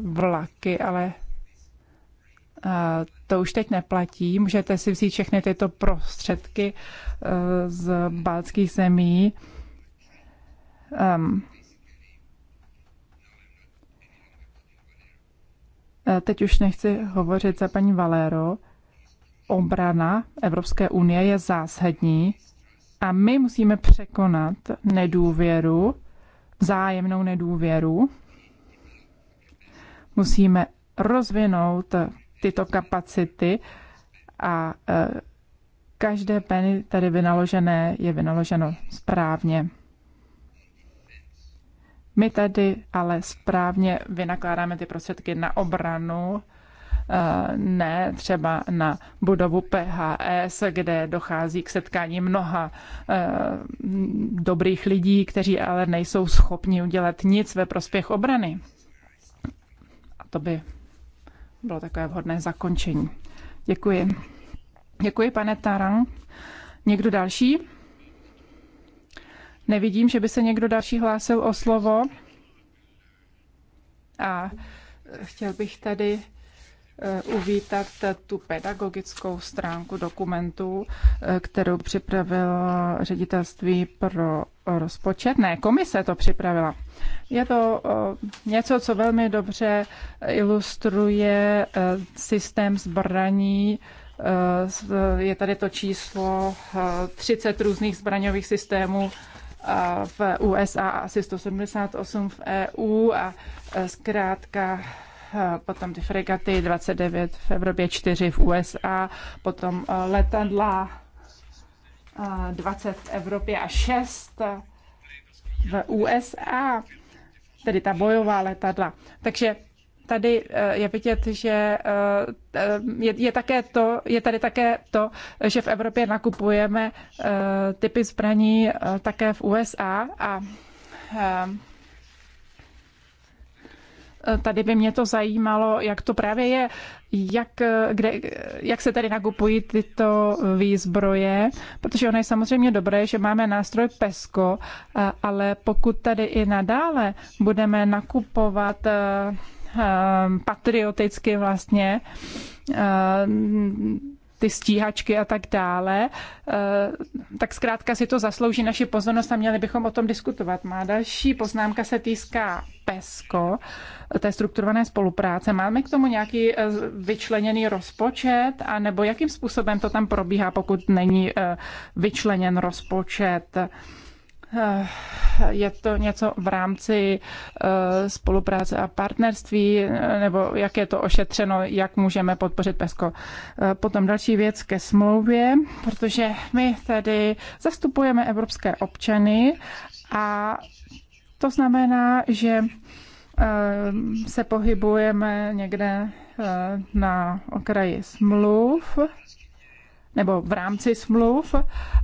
vlaky, ale to už teď neplatí. Můžete si vzít všechny tyto prostředky z baltských zemí. Um, Teď už nechci hovořit za paní Valero. Obrana Evropské unie je zásadní a my musíme překonat nedůvěru, vzájemnou nedůvěru. Musíme rozvinout tyto kapacity a e, každé peny tady vynaložené je vynaloženo správně. My tedy ale správně vynakládáme ty prostředky na obranu, eh, ne třeba na budovu PHS, kde dochází k setkání mnoha eh, dobrých lidí, kteří ale nejsou schopni udělat nic ve prospěch obrany. A to by bylo takové vhodné zakončení. Děkuji. Děkuji, pane Tarang. Někdo další? Nevidím, že by se někdo další hlásil o slovo. A e, chtěl bych tady e, uvítat tu pedagogickou stránku dokumentu, e, kterou připravila ředitelství pro rozpočet. Ne, komise to připravila. Je to něco, co velmi dobře ilustruje systém zbraní. Je tady to číslo 30 různých zbraňových systémů v USA a asi 178 v EU a e, zkrátka e, potom ty fregaty 29 v Evropě, 4 v USA, potom e, letadla 20 v Evropě a 6 v USA, tedy ta bojová letadla. Takže tady eh, je vidět, že eh, je, je, také to, je tady také to, že v Evropě nakupujeme eh, typy zbraní také v USA a tady by mě to zajímalo, jak to právě je, jak, kde, jak se tady nakupují tyto výzbroje, protože ono je samozřejmě dobré, že máme nástroj PESCO, ale pokud tady i nadále budeme nakupovat Ehm, patrioticky vlastně ehm, ty stíhačky a tak dále, ehm, tak zkrátka si to zaslouží naši pozornost a měli bychom o tom diskutovat. Má další poznámka se týská PESCO, té strukturované spolupráce. Máme k tomu nějaký e, vyčleněný rozpočet, a nebo jakým způsobem to tam probíhá, pokud není e, vyčleněn rozpočet? Eh, je to něco v rámci eh, spolupráce a partnerství, eh, nebo jak je to ošetřeno, jak můžeme podpořit PESCO. Potom další věc ke smlouvě, protože my tedy zastupujeme evropské občany a to znamená, že se pohybujeme někde na okraji smluv nebo v rámci smluv.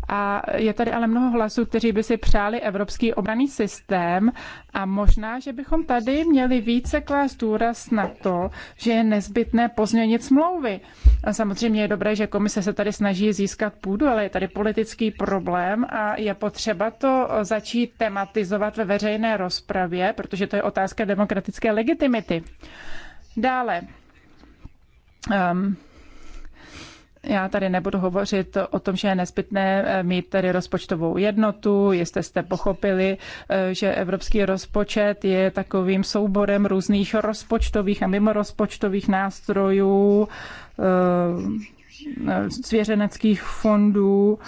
A je tady ale mnoho hlasů, kteří by si přáli evropský obraný systém a možná, že bychom tady měli více klást důraz na to, že je nezbytné pozměnit smlouvy. A samozřejmě je dobré, že komise se tady snaží získat půdu, ale je tady politický problém a je potřeba to začít tematizovat ve veřejné rozpravě, protože to je otázka demokratické legitimity. Dále. Um, já tady nebudu hovořit o tom, že je nezbytné eh, mít tady rozpočtovou jednotu. jestli jste pochopili, eh, že evropský rozpočet je takovým souborem různých rozpočtových a mimorozpočtových nástrojů, eh, svěřeneckých fondů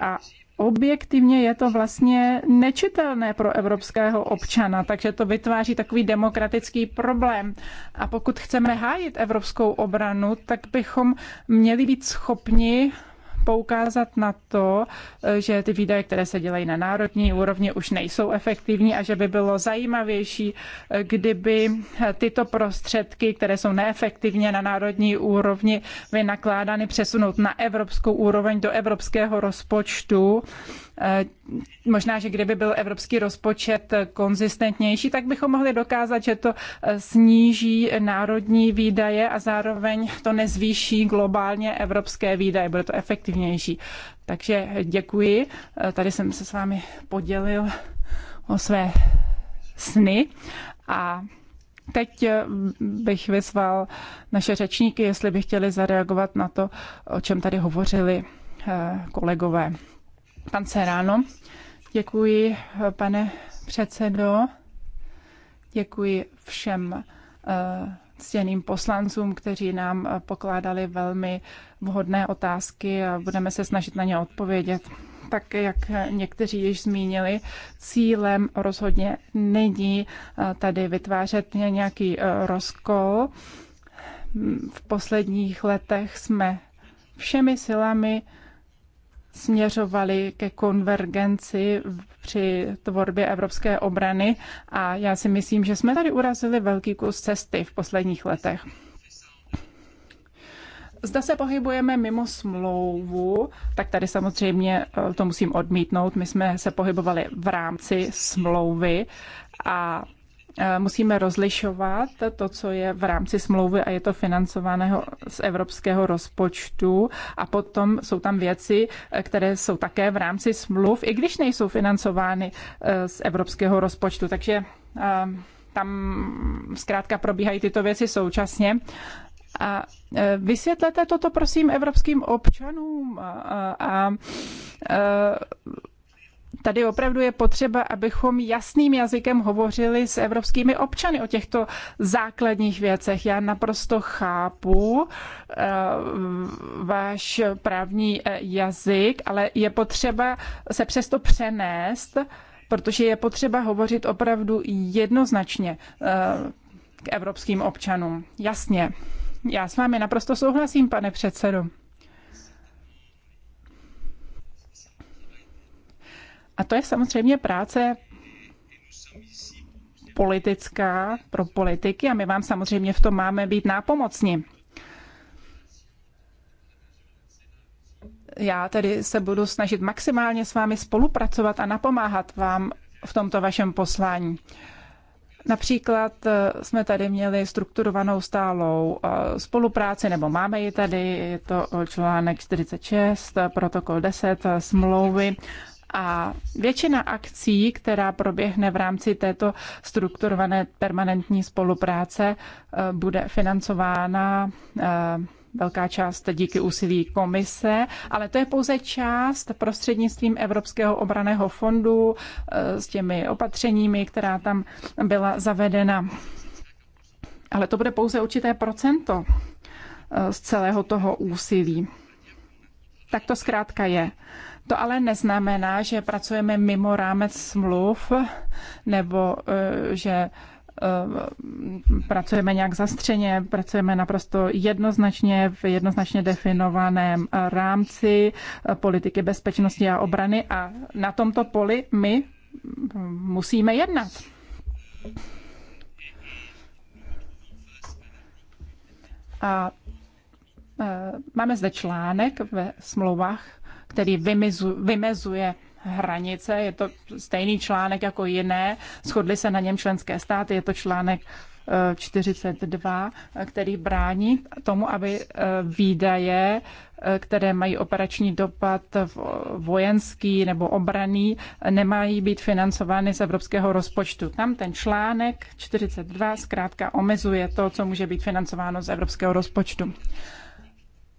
a objektivně je to vlastně nečitelné pro evropského občana, takže to vytváří takový demokratický problém. A pokud chceme hájit evropskou obranu, tak bychom měli být schopni poukázat na to, eh, že ty výdaje, které se dělají na národní úrovni, už nejsou efektivní a že by bylo zajímavější, eh, kdyby eh, tyto prostředky, které jsou neefektivně na národní úrovni vynakládány, přesunout na evropskou úroveň do evropského rozpočtu Eh, možná, že kdyby byl evropský rozpočet konzistentnější, tak bychom mohli dokázat, že to eh, sníží národní výdaje a zároveň to nezvýší globálně evropské výdaje. Bude to efektivnější. Takže děkuji. Eh, tady jsem se s vámi podělil o své sny a Teď bych vyzval naše řečníky, jestli by chtěli zareagovat na to, o čem tady hovořili kolegové. Pan Seráno. Děkuji, pane předsedo. Děkuji všem eh, ctěným poslancům, kteří nám eh, pokládali velmi vhodné otázky a budeme se snažit na ně odpovědět. Tak, jak někteří již zmínili, cílem rozhodně není eh, tady vytvářet nějaký rozkol. V posledních letech jsme všemi silami směřovaly ke konvergenci při tvorbě evropské obrany a já si myslím, že jsme tady urazili velký kus cesty v posledních letech. Zda se pohybujeme mimo smlouvu, tak tady samozřejmě eh, to musím odmítnout. My jsme se pohybovali v rámci smlouvy a Eh, musíme rozlišovat to, co je v rámci smlouvy a je to financovaného z evropského rozpočtu a potom jsou tam věci, eh, které jsou také v rámci smluv, i když nejsou financovány eh, z evropského rozpočtu. Takže ehm, tam zkrátka probíhají tyto věci současně. A vysvětlete toto, prosím, evropským občanům a, a, a Tady opravdu je potřeba, abychom jasným jazykem hovořili s evropskými občany o těchto základních věcech. Já naprosto chápu eh, váš právní eh, jazyk, ale je potřeba se přesto přenést, protože je potřeba hovořit opravdu jednoznačně eh, k evropským občanům. Jasně. Já s vámi naprosto souhlasím, pane předsedo. A to je samozřejmě práce politická pro politiky a my vám samozřejmě v tom máme být nápomocni. Já tedy se budu snažit maximálně s vámi spolupracovat a napomáhat vám v tomto vašem poslání. Například eh, jsme tady měli strukturovanou stálou eh, spolupráci, nebo máme ji tady, je to eh, článek 46, protokol 10 smlouvy a většina akcí, která proběhne v rámci této strukturované permanentní spolupráce, eh, bude financována eh, velká část díky úsilí komise, ale to je pouze část prostřednictvím Evropského obraného fondu eh, s těmi opatřeními, která tam byla zavedena. Ale to bude pouze určité procento z celého toho úsilí. Tak to zkrátka je. To ale neznamená, že pracujeme mimo rámec smluv nebo e, že e, pracujeme nějak zastřeně, pracujeme naprosto jednoznačně v jednoznačně definovaném rámci politiky bezpečnosti a obrany a na tomto poli my musíme jednat. A e, máme zde článek ve smlouvách který vymizu, vymezuje hranice. Je to stejný článek jako jiné. Shodly se na něm členské státy. Je to článek 42, eh, který brání tomu, aby eh, výdaje, eh, které mají operační dopad vojenský nebo obraný, nemají být financovány z evropského rozpočtu. Tam ten článek 42 zkrátka omezuje to, co může být financováno z evropského rozpočtu.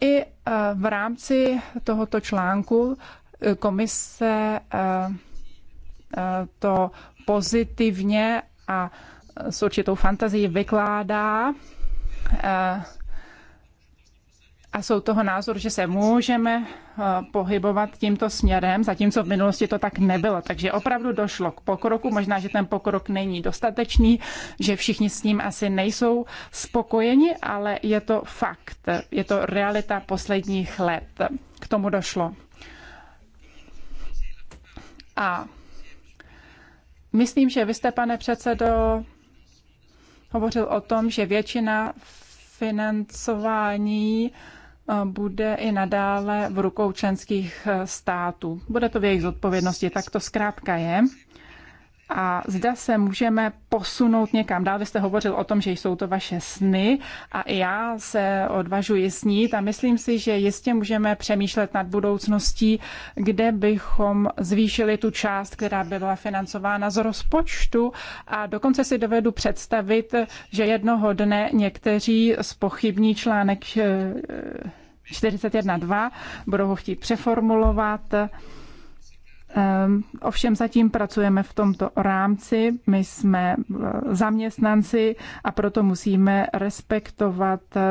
I eh, v rámci tohoto článku eh, komise eh, to pozitivně a s určitou fantazií vykládá a jsou toho názor, že se můžeme eh, pohybovat tímto směrem, zatímco v minulosti to tak nebylo. Takže opravdu došlo k pokroku, možná, že ten pokrok není dostatečný, že všichni s ním asi nejsou spokojeni, ale je to fakt, je to realita posledních let. K tomu došlo. A myslím, že vy jste, pane předsedo, hovořil o tom, že většina financování uh, bude i nadále v rukou členských eh, států. Bude to v jejich zodpovědnosti, tak to zkrátka je. A zda se můžeme posunout někam dál. Vy jste hovořil o tom, že jsou to vaše sny a i já se odvažuji snít a myslím si, že jistě můžeme přemýšlet nad budoucností, kde bychom zvýšili tu část, která by byla financována z rozpočtu a dokonce si dovedu představit, že jednoho dne někteří spochybní článek eh, 41.2, budou ho chtít přeformulovat. Ehm, ovšem zatím pracujeme v tomto rámci, my jsme eh, zaměstnanci a proto musíme respektovat eh,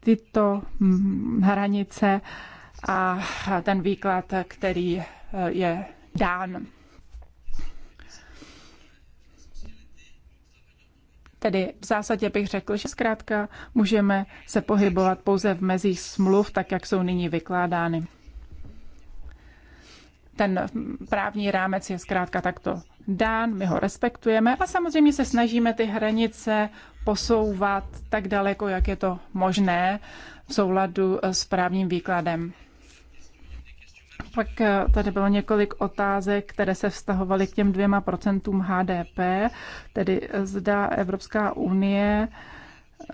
tyto hm, hranice a ten výklad, který eh, je dán. Tedy v zásadě bych řekl, že zkrátka můžeme se pohybovat pouze v mezích smluv, tak jak jsou nyní vykládány. Ten právní rámec je zkrátka takto dán, my ho respektujeme a samozřejmě se snažíme ty hranice posouvat tak daleko, jak je to možné v souladu s právním výkladem. Pak eh, tady bylo několik otázek, které se vztahovaly k těm dvěma procentům HDP, tedy eh, zda Evropská unie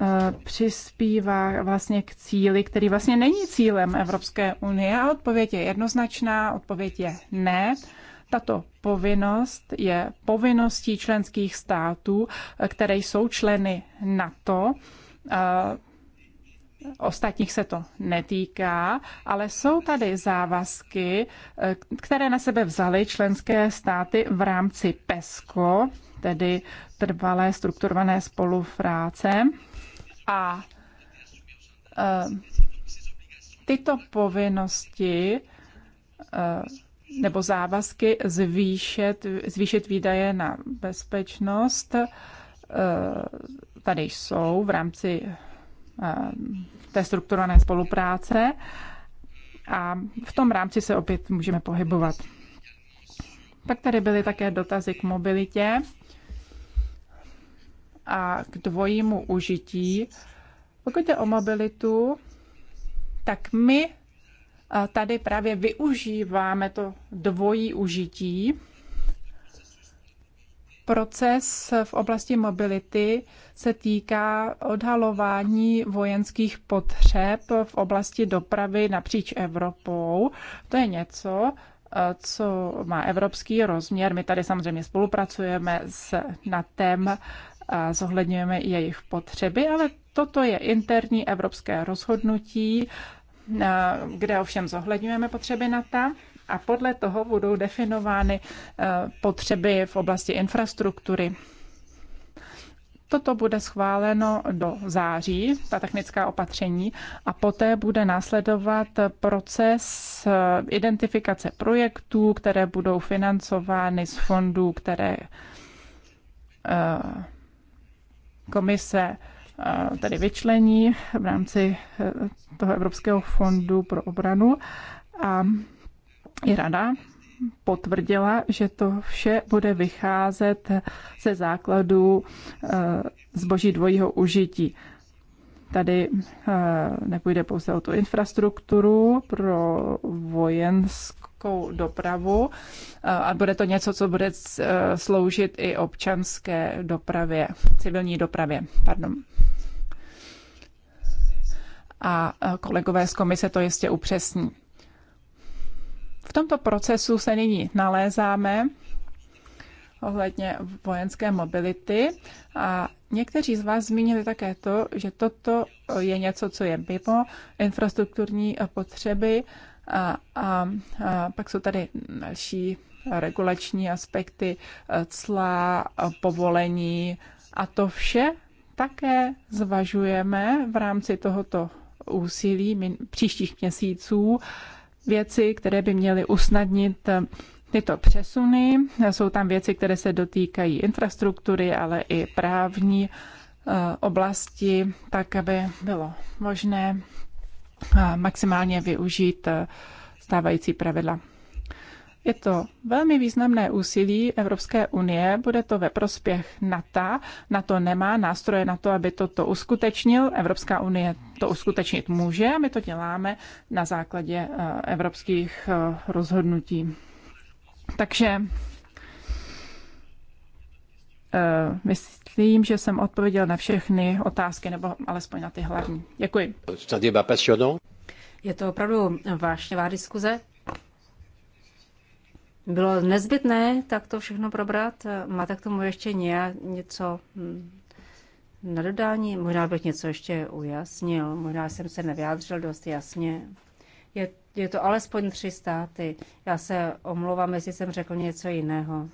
eh, přispívá vlastně k cíli, který vlastně není cílem Evropské unie a odpověď je jednoznačná, odpověď je ne. Tato povinnost je povinností členských států, které jsou členy NATO Ostatních se to netýká, ale jsou tady závazky, eh, které na sebe vzaly členské státy v rámci PESCO, tedy trvalé strukturované spolupráce. A eh, tyto povinnosti eh, nebo závazky zvýšet, zvýšit výdaje na bezpečnost tady jsou v rámci Eh, té strukturované spolupráce a v tom rámci se opět můžeme pohybovat. Pak tady byly také dotazy k mobilitě a k dvojímu užití. Pokud jde o mobilitu, tak my eh, tady právě využíváme to dvojí užití proces v oblasti mobility se týká odhalování vojenských potřeb v oblasti dopravy napříč Evropou. To je něco, co má evropský rozměr. My tady samozřejmě spolupracujeme s NATEM, a zohledňujeme i jejich potřeby, ale toto je interní evropské rozhodnutí, kde ovšem zohledňujeme potřeby NATO a podle toho budou definovány eh, potřeby v oblasti infrastruktury. Toto bude schváleno do září, ta technická opatření, a poté bude následovat proces eh, identifikace projektů, které budou financovány z fondů, které eh, komise tedy vyčlení v rámci toho Evropského fondu pro obranu. A i rada potvrdila, že to vše bude vycházet ze základu eh, zboží dvojího užití. Tady eh, nepůjde pouze o tu infrastrukturu pro vojenskou dopravu eh, a bude to něco, co bude sloužit i občanské dopravě, civilní dopravě. Pardon. A kolegové z komise to jistě upřesní. V tomto procesu se nyní nalézáme ohledně vojenské mobility a někteří z vás zmínili také to, že toto je něco, co je mimo infrastrukturní potřeby a, a, a pak jsou tady další regulační aspekty, cla, povolení a to vše také zvažujeme v rámci tohoto úsilí příštích měsíců věci, které by měly usnadnit eh, tyto přesuny. Jsou tam věci, které se dotýkají infrastruktury, ale i právní eh, oblasti, tak aby bylo možné eh, maximálně využít stávající pravidla. Je to velmi významné úsilí Evropské unie, bude to ve prospěch NATO. NATO nemá nástroje na to, aby toto uskutečnil. Evropská unie to uskutečnit může a my to děláme na základě eh, evropských eh, rozhodnutí. Takže eh, myslím, že jsem odpověděl na všechny otázky, nebo alespoň na ty hlavní. Děkuji. Je to opravdu vášnivá diskuze bylo nezbytné tak to všechno probrat. Máte k tomu ještě něco hm, na dodání? Možná bych něco ještě ujasnil, možná jsem se nevyjádřil dost jasně. Je, je to alespoň tři státy. Já se omlouvám, jestli jsem řekl něco jiného.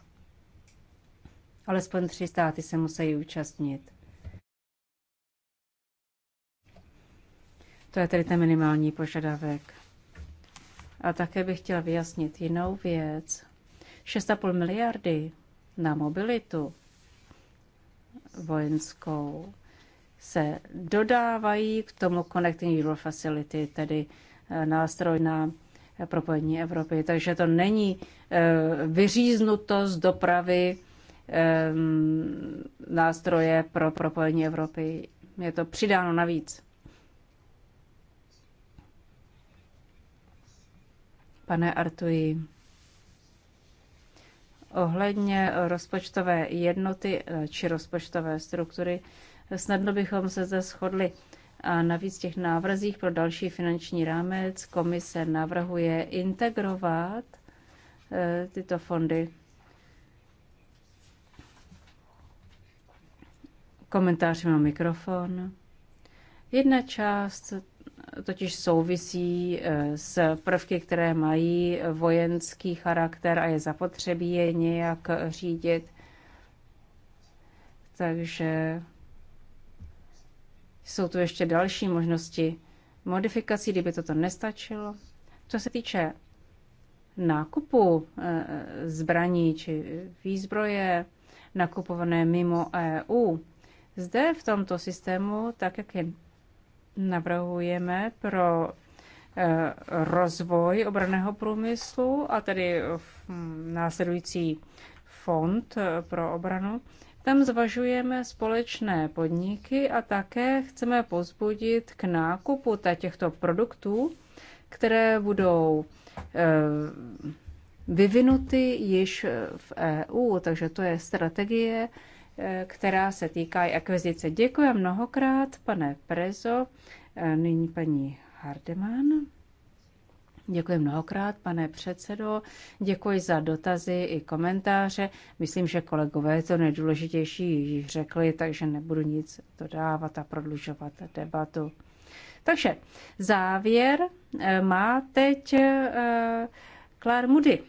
Alespoň tři státy se musí účastnit. To je tedy ten minimální požadavek. A také bych chtěla vyjasnit jinou věc. 6,5 miliardy na mobilitu vojenskou se dodávají k tomu Connecting Euro Facility, tedy eh, nástroj na propojení Evropy. Takže to není eh, vyříznutost dopravy eh, nástroje pro propojení Evropy. Je to přidáno navíc. pane Artuji. Ohledně rozpočtové jednoty eh, či rozpočtové struktury snadno bychom se zde shodli. A navíc těch návrzích pro další finanční rámec komise navrhuje integrovat eh, tyto fondy. Komentář mám mikrofon. Jedna část totiž souvisí eh, s prvky, které mají vojenský charakter a je zapotřebí je nějak řídit. Takže jsou tu ještě další možnosti modifikací, kdyby toto nestačilo. Co se týče nákupu eh, zbraní či výzbroje nakupované mimo EU, zde v tomto systému, tak jak je navrhujeme pro eh, rozvoj obraného průmyslu a tedy hm, následující fond eh, pro obranu. Tam zvažujeme společné podniky a také chceme pozbudit k nákupu těchto produktů, které budou eh, vyvinuty již v EU. Takže to je strategie, Eh, která se týká i akvizice. Děkuji mnohokrát, pane Prezo. Eh, nyní paní Hardeman. Děkuji mnohokrát, pane předsedo. Děkuji za dotazy i komentáře. Myslím, že kolegové to nejdůležitější již řekli, takže nebudu nic dodávat a prodlužovat debatu. Takže závěr eh, má teď Claire Moody.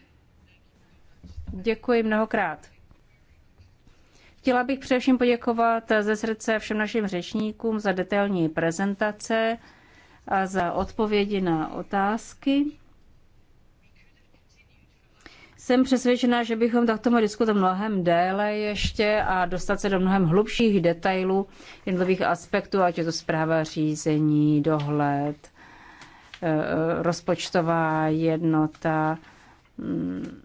Děkuji mnohokrát. Chtěla bych především poděkovat ze srdce všem našim řečníkům za detailní prezentace a za odpovědi na otázky. Jsem přesvědčena, že bychom takto mohli diskutovat mnohem déle ještě a dostat se do mnohem hlubších detailů jednotlivých aspektů, ať je to zpráva řízení, dohled, e, e, rozpočtová jednota, mm,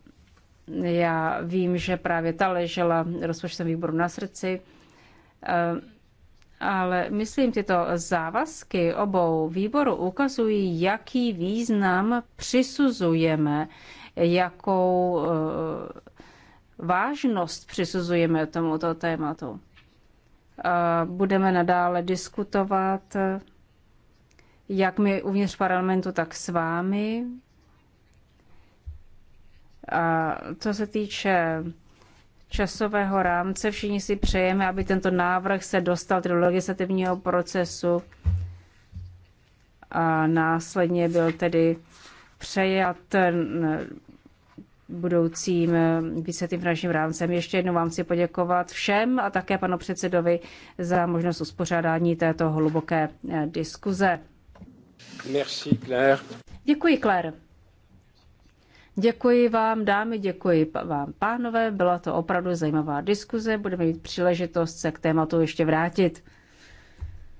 já vím, že právě ta ležela rozpočtem výboru na srdci, eh, ale myslím, tyto závazky obou výborů ukazují, jaký význam přisuzujeme, jakou eh, vážnost přisuzujeme tomuto tématu. Eh, budeme nadále diskutovat, jak my uvnitř parlamentu, tak s vámi, a co se týče časového rámce, všichni si přejeme, aby tento návrh se dostal do legislativního procesu a následně byl tedy přejat budoucím výsledným finančním rámcem. Ještě jednou vám chci poděkovat všem a také panu předsedovi za možnost uspořádání této hluboké diskuze. Merci, Claire. Děkuji, Claire. Děkuji vám, dámy, děkuji vám, pánové. Byla to opravdu zajímavá diskuze. Budeme mít příležitost se k tématu ještě vrátit.